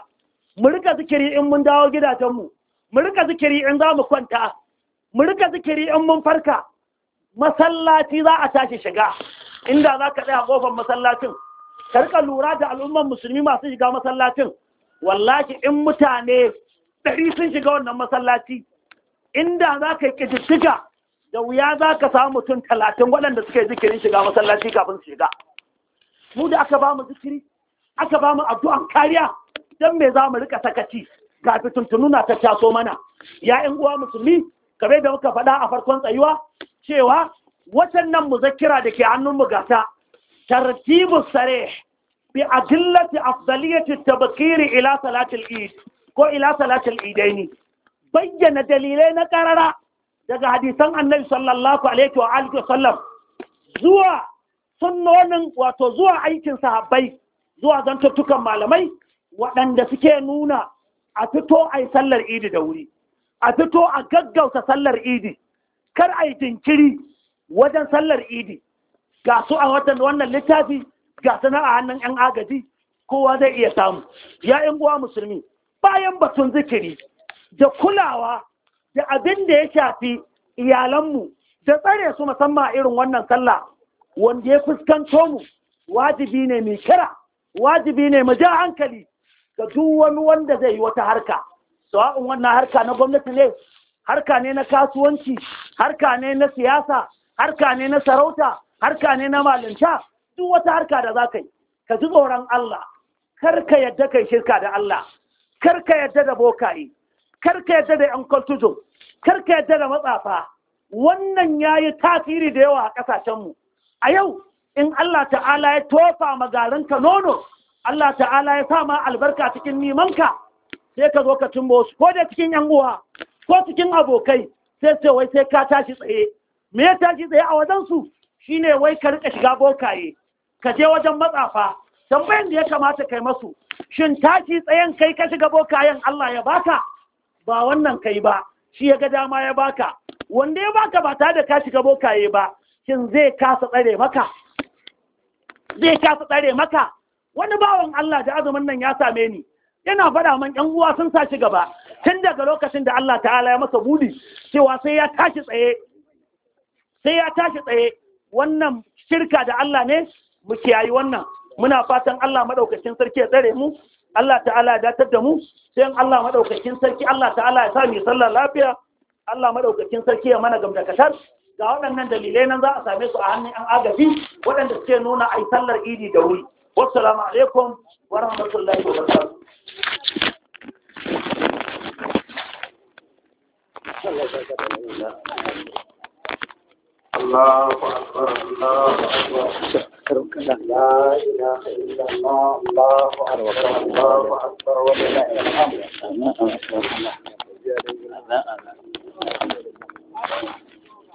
mu rika zikiri in mun dawo gidajen mu Mu rika zikiri in za mu kwanta mu rika zikiri in mun farka masallaci za a tashi shiga inda za ka tsaya kofar masallacin ka rika lura da al'ummar musulmi masu shiga masallacin wallahi in mutane ɗari sun shiga wannan masallaci inda za ka yi ƙididdiga da wuya za ka samu mutum talatin waɗanda suka yi zikirin shiga masallaci kafin su shiga mu da aka ba mu zikiri aka ba mu addu'an kariya don me za mu rika sakaci ga fitintunu ta taso mana ya yan uwa musulmi kamar da muka faɗa a farkon tsayuwa cewa nan muzakira da ke hannun mu gata tartibu sare bi adillati afdaliyati tabkiri ila salatil eid ko ila salatil idaini bayyana dalilai na karara daga hadisan annabi sallallahu alaihi wa alihi wasallam zuwa sunnonin wato zuwa aikin sahabbai zuwa zantuttukan malamai waɗanda suke nuna a fito a yi sallar idi da wuri a fito a gaggauta sallar idi kar a yi jinkiri wajen sallar idi ga su a watan wannan littafi ga sana a hannun 'yan agaji kowa zai iya samu ya yan uwa musulmi bayan batun zikiri da kulawa da abin da ya shafi iyalanmu da tsare su musamman irin wannan sallah wanda ya fuskanto mu wajibi ne mai kira wajibi ne mu ja hankali ga duk wani wanda zai yi wata harka sawa'un wannan harka na gwamnati ne harka ne na kasuwanci harka ne na siyasa harka ne na sarauta harka ne na malinta duk wata harka da za ka yi ka ji tsoron Allah kar ka yadda kai shirka da Allah kar ka yadda da bokaye kar ka yadda da yan kultujo kar ka yadda da matsafa wannan yayi tasiri da yawa a mu a yau in Allah ta'ala ya tofa ka nono Allah ta'ala ya sa ma albarka cikin nimanka sai ka zo ka cimbo su ko da cikin yan uwa ko cikin abokai sai sai wai sai ka tashi tsaye me ya tashi tsaye a wajen su shine wai ka rika shiga bokaye ka je wajen matsafa tambayan da ya kamata kai masu shin tashi tsayen kai ka shiga bokayen Allah ya baka ba wannan kai ba shi ya ga dama ya baka wanda ya baka ba tare da ka shiga bokaye ba shin zai kasa tsare maka zai kasa tsare maka wani bawan Allah da azumin nan ya same ni yana faɗa man ƴan uwa sun sa shi gaba tun daga lokacin da Allah ta'ala ya masa budi cewa sai ya tashi tsaye sai ya tashi tsaye wannan shirka da Allah ne mu kiyayi wannan muna fatan Allah madaukakin sarki ya tsare mu Allah ta'ala ya datar da mu sai Allah madaukakin sarki Allah ta'ala ya sa mu sallar lafiya Allah madaukakin sarki ya mana gamdakatar ga waɗannan dalilai nan za a same su a hannun an agaji waɗanda suke nuna a yi sallar idi da wuri wassalamu alaikum wa rahmatullahi wa barakatuh الله أكبر الله أكبر لا إله إلا الله الله أكبر الله أكبر ولله الحمد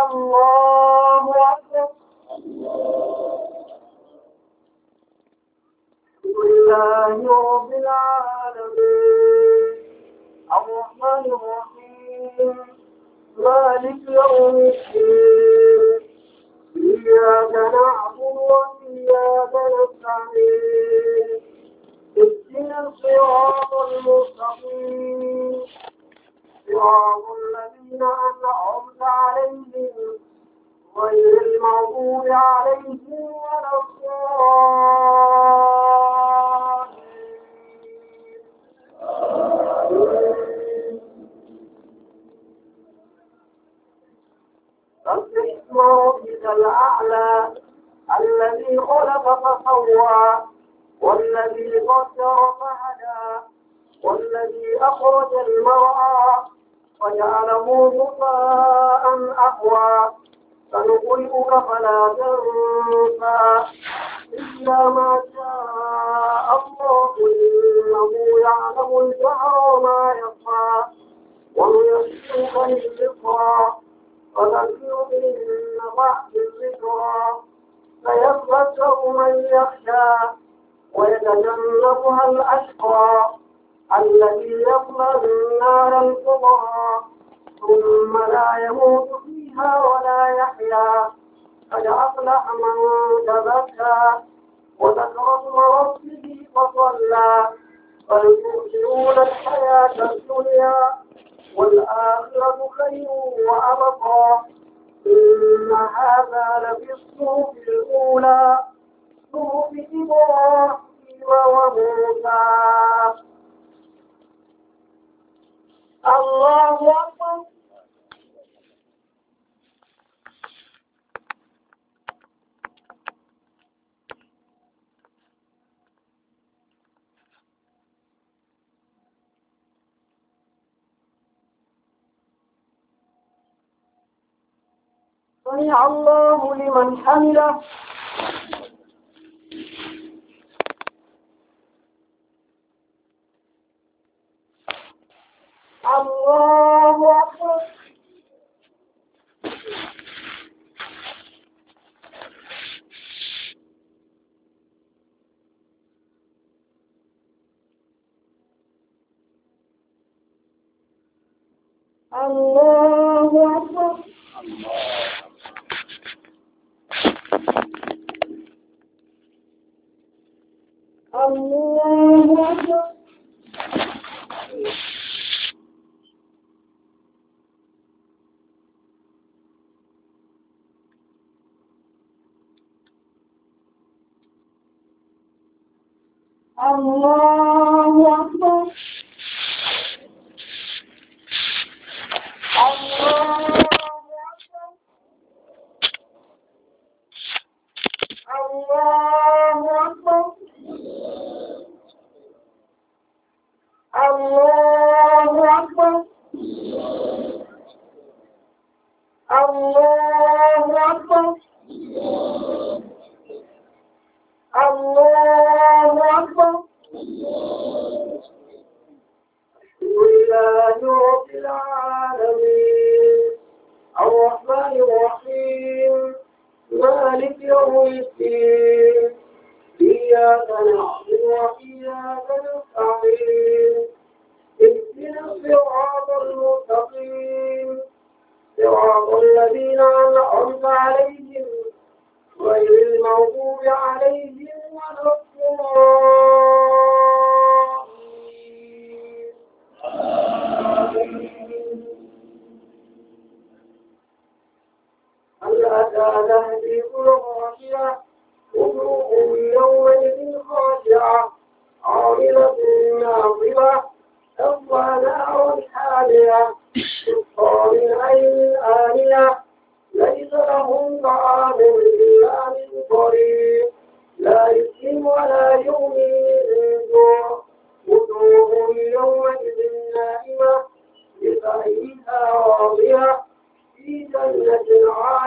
الله أكبر لله رب العالمين الرحمن الرحيم مالك يوم الدين إياك نعبد وإياك نستعين اهدنا الصراط المستقيم صراط الذين الذين أنعمت عليهم غير المغضوب عليهم ولا سبح اسم ربك الأعلى الذي خلق فسوى والذي قدر فهدى والذي أخرج المرأى وجعله غثاء أحوى سنقرئك فلا تنسى إلا ما شاء الله إنه يعلم الجهر وما يخفى ونيسرك للذكرى فذكر من بعد الذكرى سيذكر من يخشى ويتجنبها الأشقى الذي يصلى النار الكبرى ثم لا يموت فيها ولا يحيا قد أفلح من تزكى وذكر اسم ربه فصلى بل تؤثرون الحياة الدنيا والآخرة خير وأبقى إن هذا لفي الصوف الأولى صوف إبراهيم وموسى الله أكبر سمع الله لمن حمده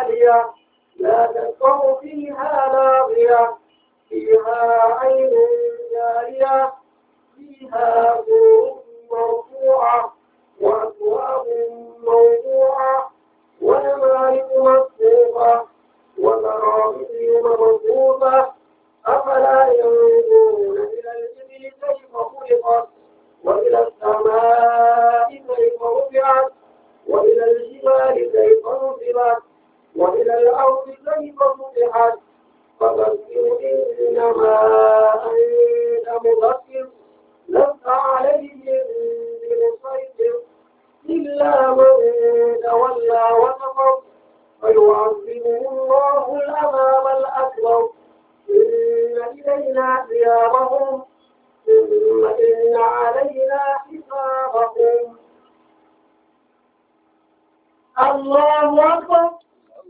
عالية لا تسمع فيها لاغية فيها عين جارية فيها سور مرفوعة وأبواب موضوعة ونمارق مصفوفة وزرابي مبثوثة أفلا ينظرون إلى الإبل كيف خلقت وإلى السماء كيف رفعت وإلى الجبال كيف نصبت وإلى الأرض كيف فتحت فذكر إنما أنت مذكر لست عليهم بمسيطر إلا من تولى وكفر فيعذبه الله الأمام الأكبر إن إلينا ثيابهم ثم إن علينا حسابهم الله أكبر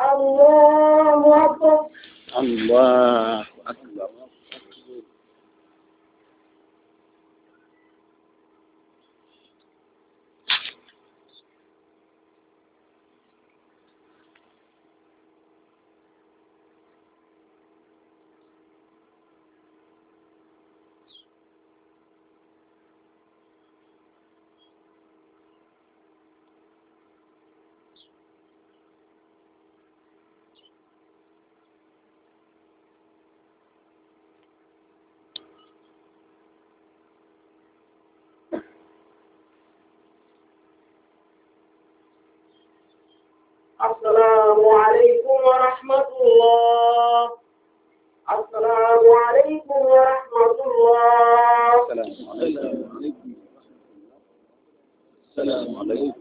Allah Akbar. Allah Akbar. السلام عليكم ورحمة الله السلام عليكم ورحمة الله السلام عليكم السلام عليكم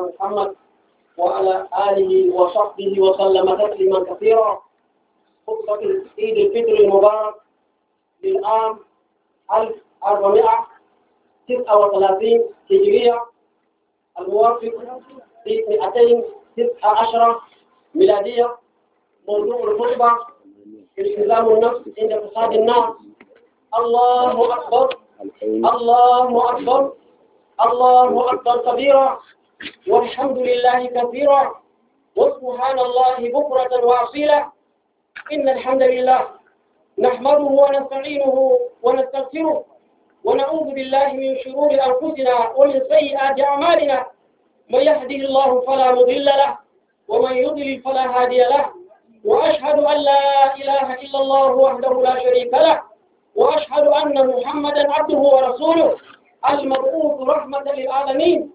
محمد وعلى آله وصحبه وسلم تسليما كثيرا خطبة عيد الفطر المبارك للعام 1436 هجرية الموافق في 219 ميلادية موضوع الخطبة التزام النفس عند فساد الناس الله أكبر الله أكبر الله أكبر كبيرا والحمد لله كثيرا وسبحان الله بكرة وأصيلا إن الحمد لله نحمده ونستعينه ونستغفره ونعوذ بالله من شرور أنفسنا ومن سيئات أعمالنا من يهده الله فلا مضل له ومن يضلل فلا هادي له وأشهد أن لا إله إلا الله وحده لا شريك له وأشهد أن محمدا عبده ورسوله المبعوث رحمة للعالمين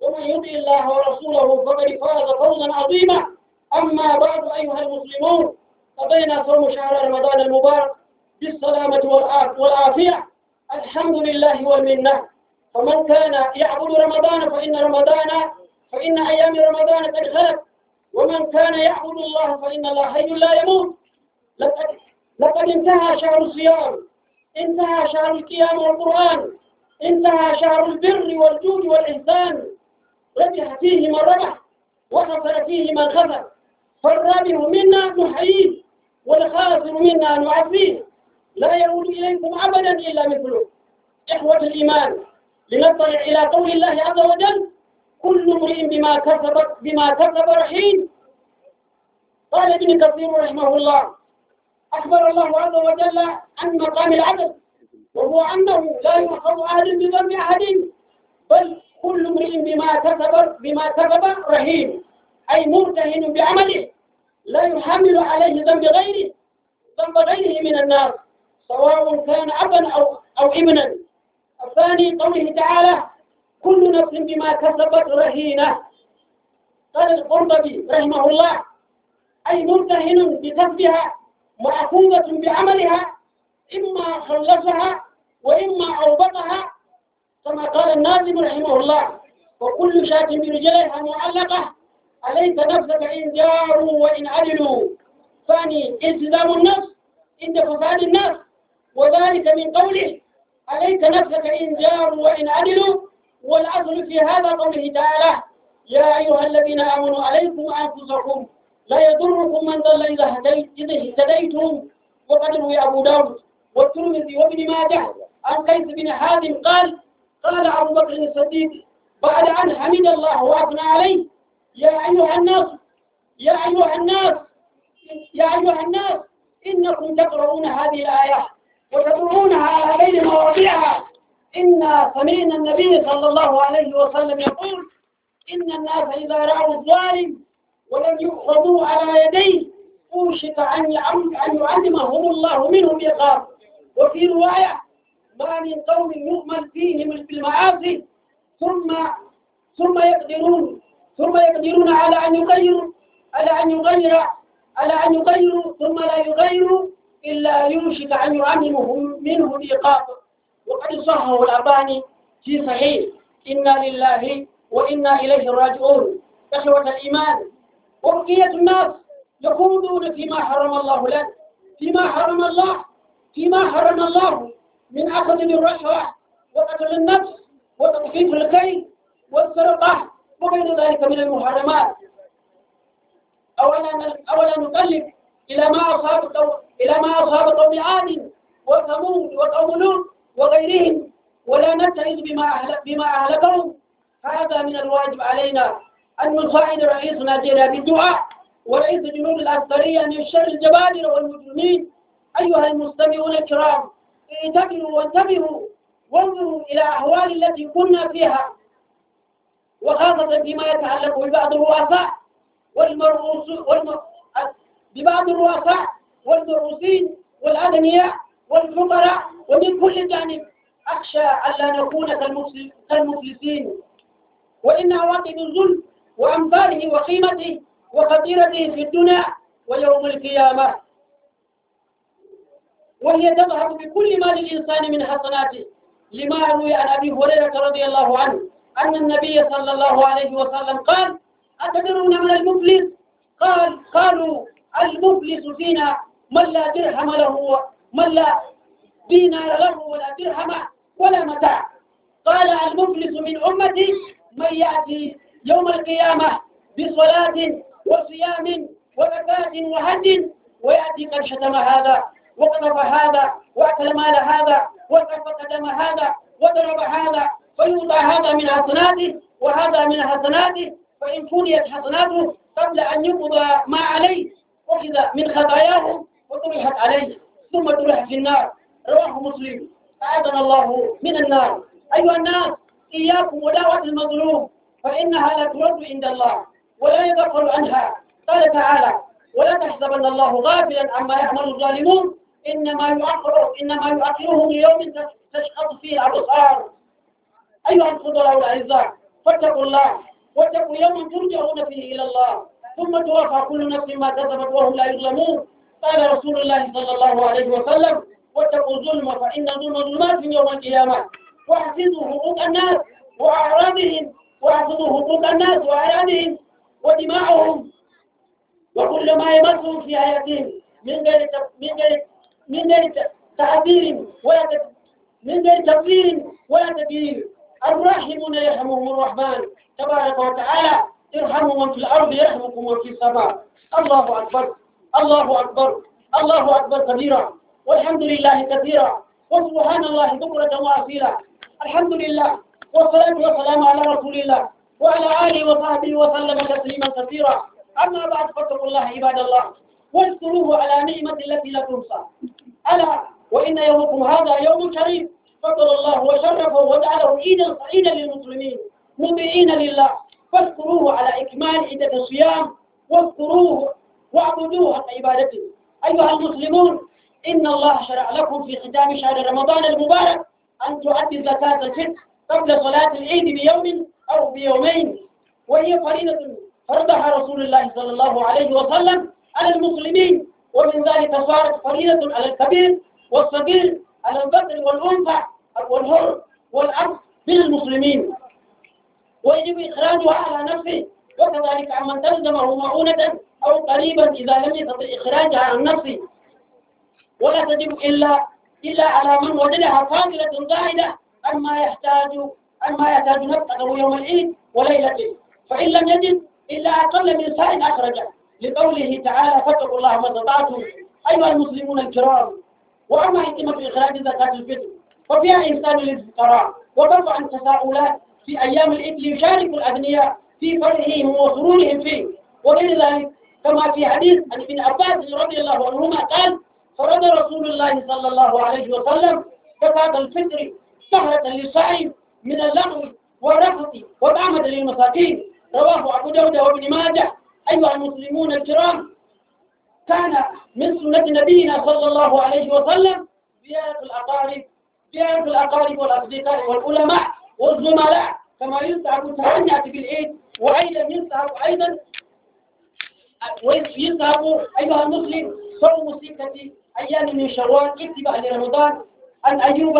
ومن يطع الله ورسوله فقد فاز فوزا عظيما أما بعد أيها المسلمون قضينا صوم شهر رمضان المبارك بالسلامة والعافية الحمد لله والمنة فمن كان يعبد رمضان فإن رمضان فإن أيام رمضان قد خلت ومن كان يعبد الله فإن الله حي لا يموت لقد لقد انتهى شهر الصيام انتهى شهر القيام والقرآن انتهى شهر البر والجود والإحسان رجح فيه من رجح وخسر فيه من خسر فالرابح منا نحييه والخاسر منا نعفيه لا يعود إليكم أبدا إلا مثله إخوة الإيمان لنطلع إلى قول الله عز وجل كل امرئ بما كسب بما كسب رحيم قال ابن كثير رحمه الله أخبر الله عز وجل عن مقام العدل وهو أنه لا يؤخذ أحد بذنب أحد بل كل امرئ بما كسب بما كسب رهين أي مرتهن بعمله لا يحمل عليه ذنب غيره ذنب غيره من النار سواء كان أبا أو أو ابنا الثاني قوله تعالى كل نفس بما كسبت رهينة قال القرطبي رحمه الله أي مرتهن بكسبها مأخوذة بعملها إما خلصها وإما أوبقها كما قال الناظم رحمه الله وكل شاة من رجالها معلقة أليس نفسك إن جاروا وإن عدلوا ثاني التزام النفس عند فساد الناس وذلك من قوله أليس نفسك إن جاروا وإن عدلوا والأصل في هذا قوله تعالى يا أيها الذين آمنوا عليكم أنفسكم لا يضركم من ضل إذا اهتديتم وقد روي أبو داود والترمذي وابن ماجه عن قيس بن حازم قال قال أبو بكر الصديق بعد أن حمد الله وأثنى عليه يا أيها الناس يا أيها الناس يا أيها الناس إنكم تقرؤون هذه الآية وتضعونها على غير مواضعها إنا سمعنا النبي صلى الله عليه وسلم يقول إن الناس إذا رأوا الظالم ولم يؤخذوا على يديه أوشك أن يعلمهم الله منه بإقامة وفي رواية ما من قوم يؤمن فيهم في المعاصي ثم ثم يقدرون ثم يقدرون على أن يغيروا على أن يغير على أن يغيروا ثم لا يغيروا إلا يوشك أن يعممهم منه الايقاف وقد صحه الألباني في صحيح إنا لله وإنا إليه راجعون إخوة الإيمان وبقية الناس يقولون فيما حرم الله لك فيما حرم الله فيما حرم الله من أخذ الرشوة وقتل النفس وتطفيف الكي والسرقة وغير ذلك من المحرمات أولا أولا نقلب إلى ما أصاب إلى ما أصاب قوم عاد وثمود وقوم لوط وغيرهم ولا نتعظ بما أهلك بما أهلكهم هذا من الواجب علينا أن نساعد رئيسنا جينا بالدعاء ورئيس الجنود العسكرية من شر الجبابرة والمجرمين أيها المستمعون الكرام انتبهوا وانتبهوا وانظروا إلى الاحوال التي كنا فيها وخاصة فيما يتعلق ببعض الرؤساء والمرؤوس ببعض الرؤساء والمرؤوسين والأغنياء والفقراء ومن كل جانب أخشى ألا نكون كالمفلسين وإن عواقب الظلم وأمثاله وقيمته وخطيرته في الدنيا ويوم القيامة وهي تظهر بكل ما للإنسان من حسناته لما روي عن أبي هريرة رضي الله عنه أن النبي صلى الله عليه وسلم قال أتدرون من المفلس قال قالوا المفلس فينا من لا درهم له من لا دينار له ولا درهم ولا متاع قال المفلس من أمتي من يأتي يوم القيامة بصلاة وصيام وزكاة وهد ويأتي قد شتم هذا وقرب هذا وأكل مال هذا وقف قدم هذا وضرب هذا فيوضع هذا من حسناته وهذا من حسناته فإن فنيت حسناته قبل أن يقضى ما عليه أخذ من خطاياه وطرحت عليه ثم طرح في النار رواه مسلم أعاذنا الله من النار أيها الناس إياكم ولاوة المظلوم فإنها لا ترد عند الله ولا يغفل عنها قال تعالى ولا تحسبن الله غافلا عما يعمل الظالمون إنما يؤخره إنما يؤخره ليوم تشخص فيه الأبصار أيها الفضلاء والأعزاء فاتقوا الله واتقوا يوما ترجعون فيه إلى الله ثم توفى كل نفس ما كسبت وهم لا يظلمون قال رسول الله صلى الله عليه وسلم واتقوا الظلم فإن الظلم ظلمات يوم القيامة واحفظوا حقوق الناس وأعراضهم واحفظوا حقوق الناس وأعراضهم ودماءهم وكل ما يمسهم في حياتهم من غير من غير من غير تعبير ولا من غير تفسير ولا تدبير الراحمون يرحمهم الرحمن تبارك وتعالى ارحموا من في الارض يرحمكم من في السماء الله اكبر الله اكبر الله اكبر كبيرا والحمد لله كثيرا وسبحان الله بكرة وأصيلا الحمد لله والصلاة والسلام على رسول الله وعلى آله وصحبه وسلم تسليما كثيرا أما بعد فاتقوا الله عباد الله واشكروه على نعمة التي لا تنسى ألا وإن يومكم هذا يوم كريم فضل الله وشرفه وجعله عيدا سعيدا للمسلمين مطيعين لله فاشكروه على إكمال عدة الصيام واذكروه واعبدوه عن عبادته أيها المسلمون إن الله شرع لكم في ختام شهر رمضان المبارك أن تؤدي زكاة الفطر قبل صلاة العيد بيوم أو بيومين وهي فريضة فرضها رسول الله صلى الله عليه وسلم على المسلمين ومن ذلك صارت فريضة على الكبير والصغير على البدر والأنثى والحر والأب من المسلمين ويجب إخراجها على نفسه وكذلك عمن تلزمه معونة أو قريبا إذا لم يستطع إخراجها عن نفسه ولا تجب إلا إلا على من وجدها فاضلة زائدة عما يحتاج عما يحتاج نفسه يوم العيد وليلته فإن لم يجد إلا أقل من سائل أخرجه لقوله تعالى فاتقوا الله ما استطعتم أيها المسلمون الكرام وأما حكمة إخراج زكاة الفطر ففيها إنسان للفقراء وترفع التساؤلات في أيام الإبل يشارك الأغنياء في فرحهم وسرورهم فيه وغير ذلك كما في حديث عن ابن عباس رضي الله عنهما قال فرد رسول الله صلى الله عليه وسلم زكاة الفطر سهرة للسعي من اللغو والرفث وطعمة للمساكين رواه أبو داود وابن ماجه أيها المسلمون الكرام كان من سنة نبينا صلى الله عليه وسلم زيارة الأقارب زيارة الأقارب والأصدقاء والعلماء والزملاء كما يستحق التهنئة بالعيد وأيضا يستحق أيضا ويستحق أيها المسلم صوم ستة أيام من شوال اتباع لرمضان عن أيوب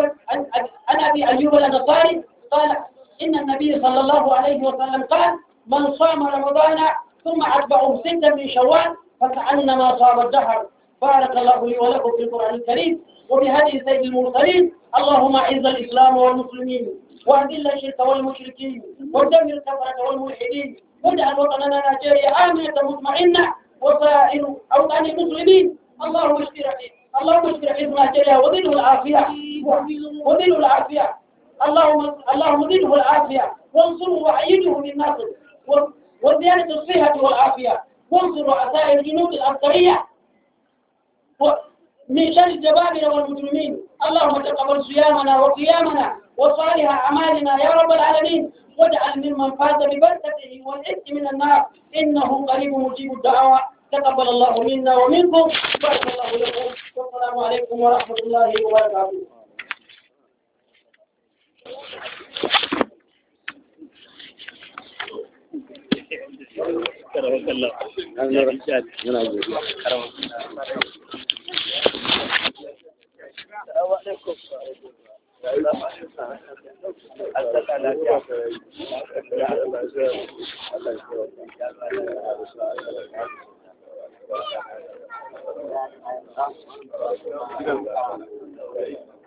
عن أبي أيوب الأنصاري قال إن النبي صلى الله عليه وسلم قال من صام رمضان ثم أتبعهم ستا من شوال فكأنما صار الدهر بارك الله لي ولكم في القرآن الكريم وبهدي سيد المرسلين اللهم أعز الإسلام والمسلمين وأذل الشرك والمشركين ودمر الكفرة والملحدين واجعل وطننا نيجيريا آمنة مطمئنة وسائر أوطان المسلمين اللهم اشفي اللهم اشفي حزب نيجيريا وذله العافية وذله العافية اللهم اللهم ذله العافية وانصره وأيده من ناصر وزيادة الصحة والعافية منذ رؤساء الجنود العسكرية من شر الجبابرة والمجرمين اللهم تقبل صيامنا وقيامنا وصالح أعمالنا يا رب العالمين واجعل ممن فاز ببركته والعز من النار إنه قريب مجيب الدعوة تقبل الله منا ومنكم بارك الله لكم والسلام عليكم ورحمة الله وبركاته karamar kallon yana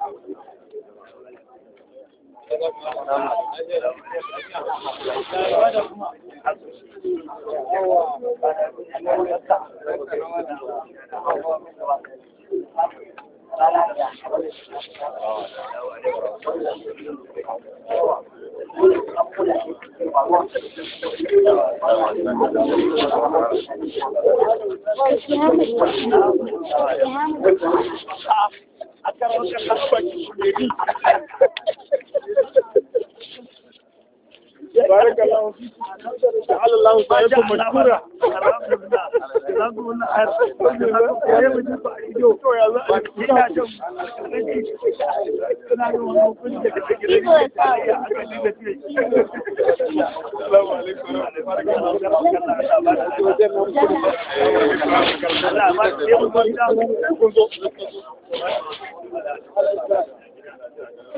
Thank you. a karamar kan kasuwanci ne barakallahu fikum ta'ala Allah Thank you.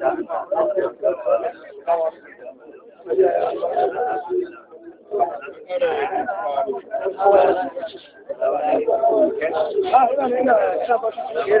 da Yasir.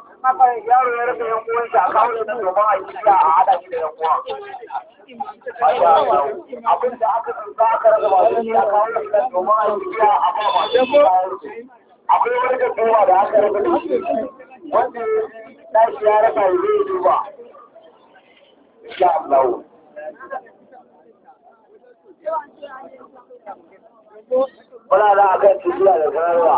yaro ya rasa yan uwansa a kawo da shugaban a yi a hada shi da yan uwa abin da aka tsanta aka rasa ba shi a kawo da shugaban a yi a ba ba shi akwai wani da kowa da aka rasa da shi wanda ya shi ya rasa ya zai duba insha Allah Muna da akan tafiya da sanarwa.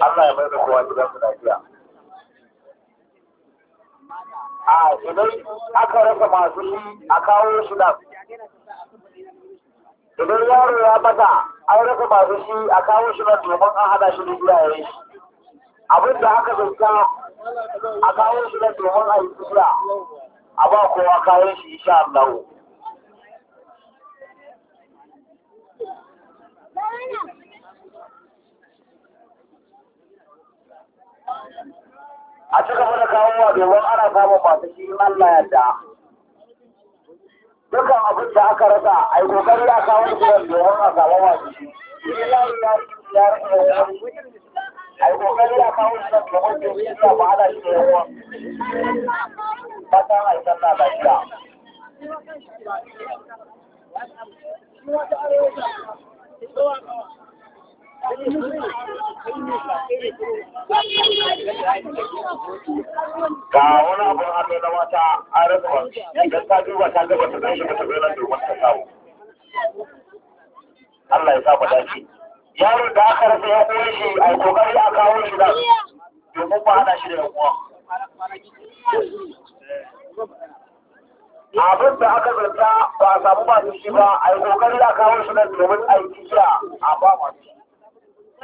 Allah ya mai da kowa gidan su lafiya a idan aka rasa masu shi a kawo su da idan yaro ya mata an rasa masu shi a kawo shi nan domin an hada shi da iyayen shi abin da aka zanta a kawo shi nan domin a yi tura a ba kowa kayan shi insha Allah. a cika kawo wa domin ana samun masu shi na yadda dukkan abin da aka rasa a yi kokari a kawo shi domin a samu masu shi a yi kokari a kawo shi domin shi ya ba ana shi da da Thank you. ga wani abin hannu na mata a rasuwa idan ta duba ta gaba ta zai ta zai domin ta kawo Allah ya saba dace yaron da aka rasa ya koyi shi a kokari a kawo shi da domin ba hana shi da yankuwa abin da aka zanta ba a samu masu shi ba a yi kokari a kawo shi nan domin aiki yi a ba masu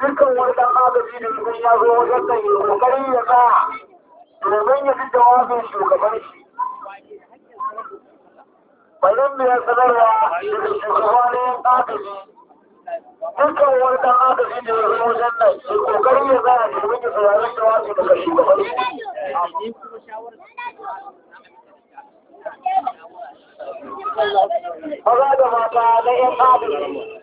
dukkan wani ɗan agaji da idan ya zo wajen da ya kokarin ya tsaya domin ya fi jawabin shugaban shi. Bayan da ya sanarwa daga shugabanin agaji dukkan wani ɗan agaji da ya zo wajen nan ya kokarin ya tsaya domin ya saurari jawabi daga shugaban shi. Maza da mata na 'yan adalci.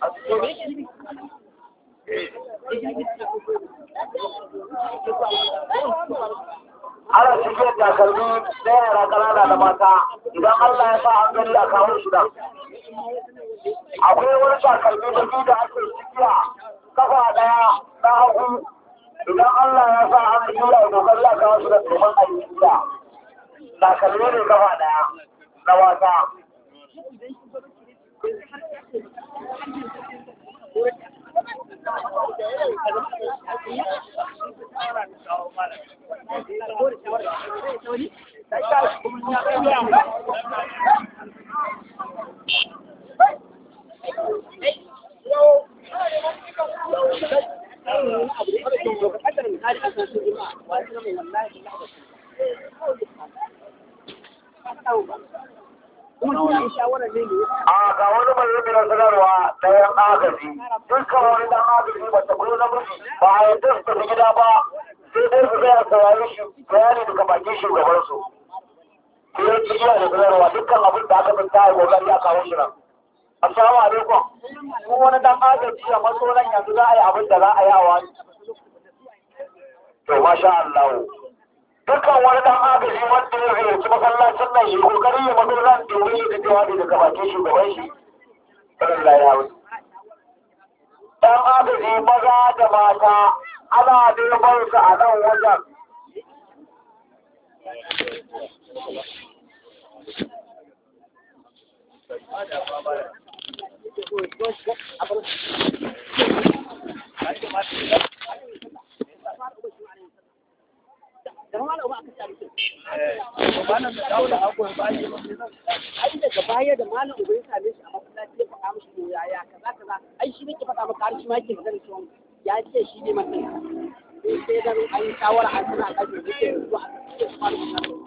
ana cikin takalmi da yara ƙanana da mata idan Allah ya sa an gani a kawo shi nan. Akwai wani takalmi da biyu da ake cikiya kafa ɗaya na hagu idan Allah ya sa an gani a dogon la kawo shi nan domin a yi cikiya. Takalmi ne kafa ɗaya na wata. aka jiya masoran yanzu za a yi abin da za a yi a wani. To masha Allah. Dukkan wani ɗan agaji wanda ya ziyarci masallacin nan yi kokari ya mazo nan da wuri da jawabi daga bakin shugaban shi. Allah ya wuce. Ɗan agaji maza da mata ana neman su a nan wajen. Thank you. baya da malam uba ya same shi a masallaci ya faɗa mishi to yaya kaza kaza ai shi nake faɗa ce shi ne mutum sai dan an yi shawara an a cikin malam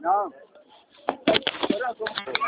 No.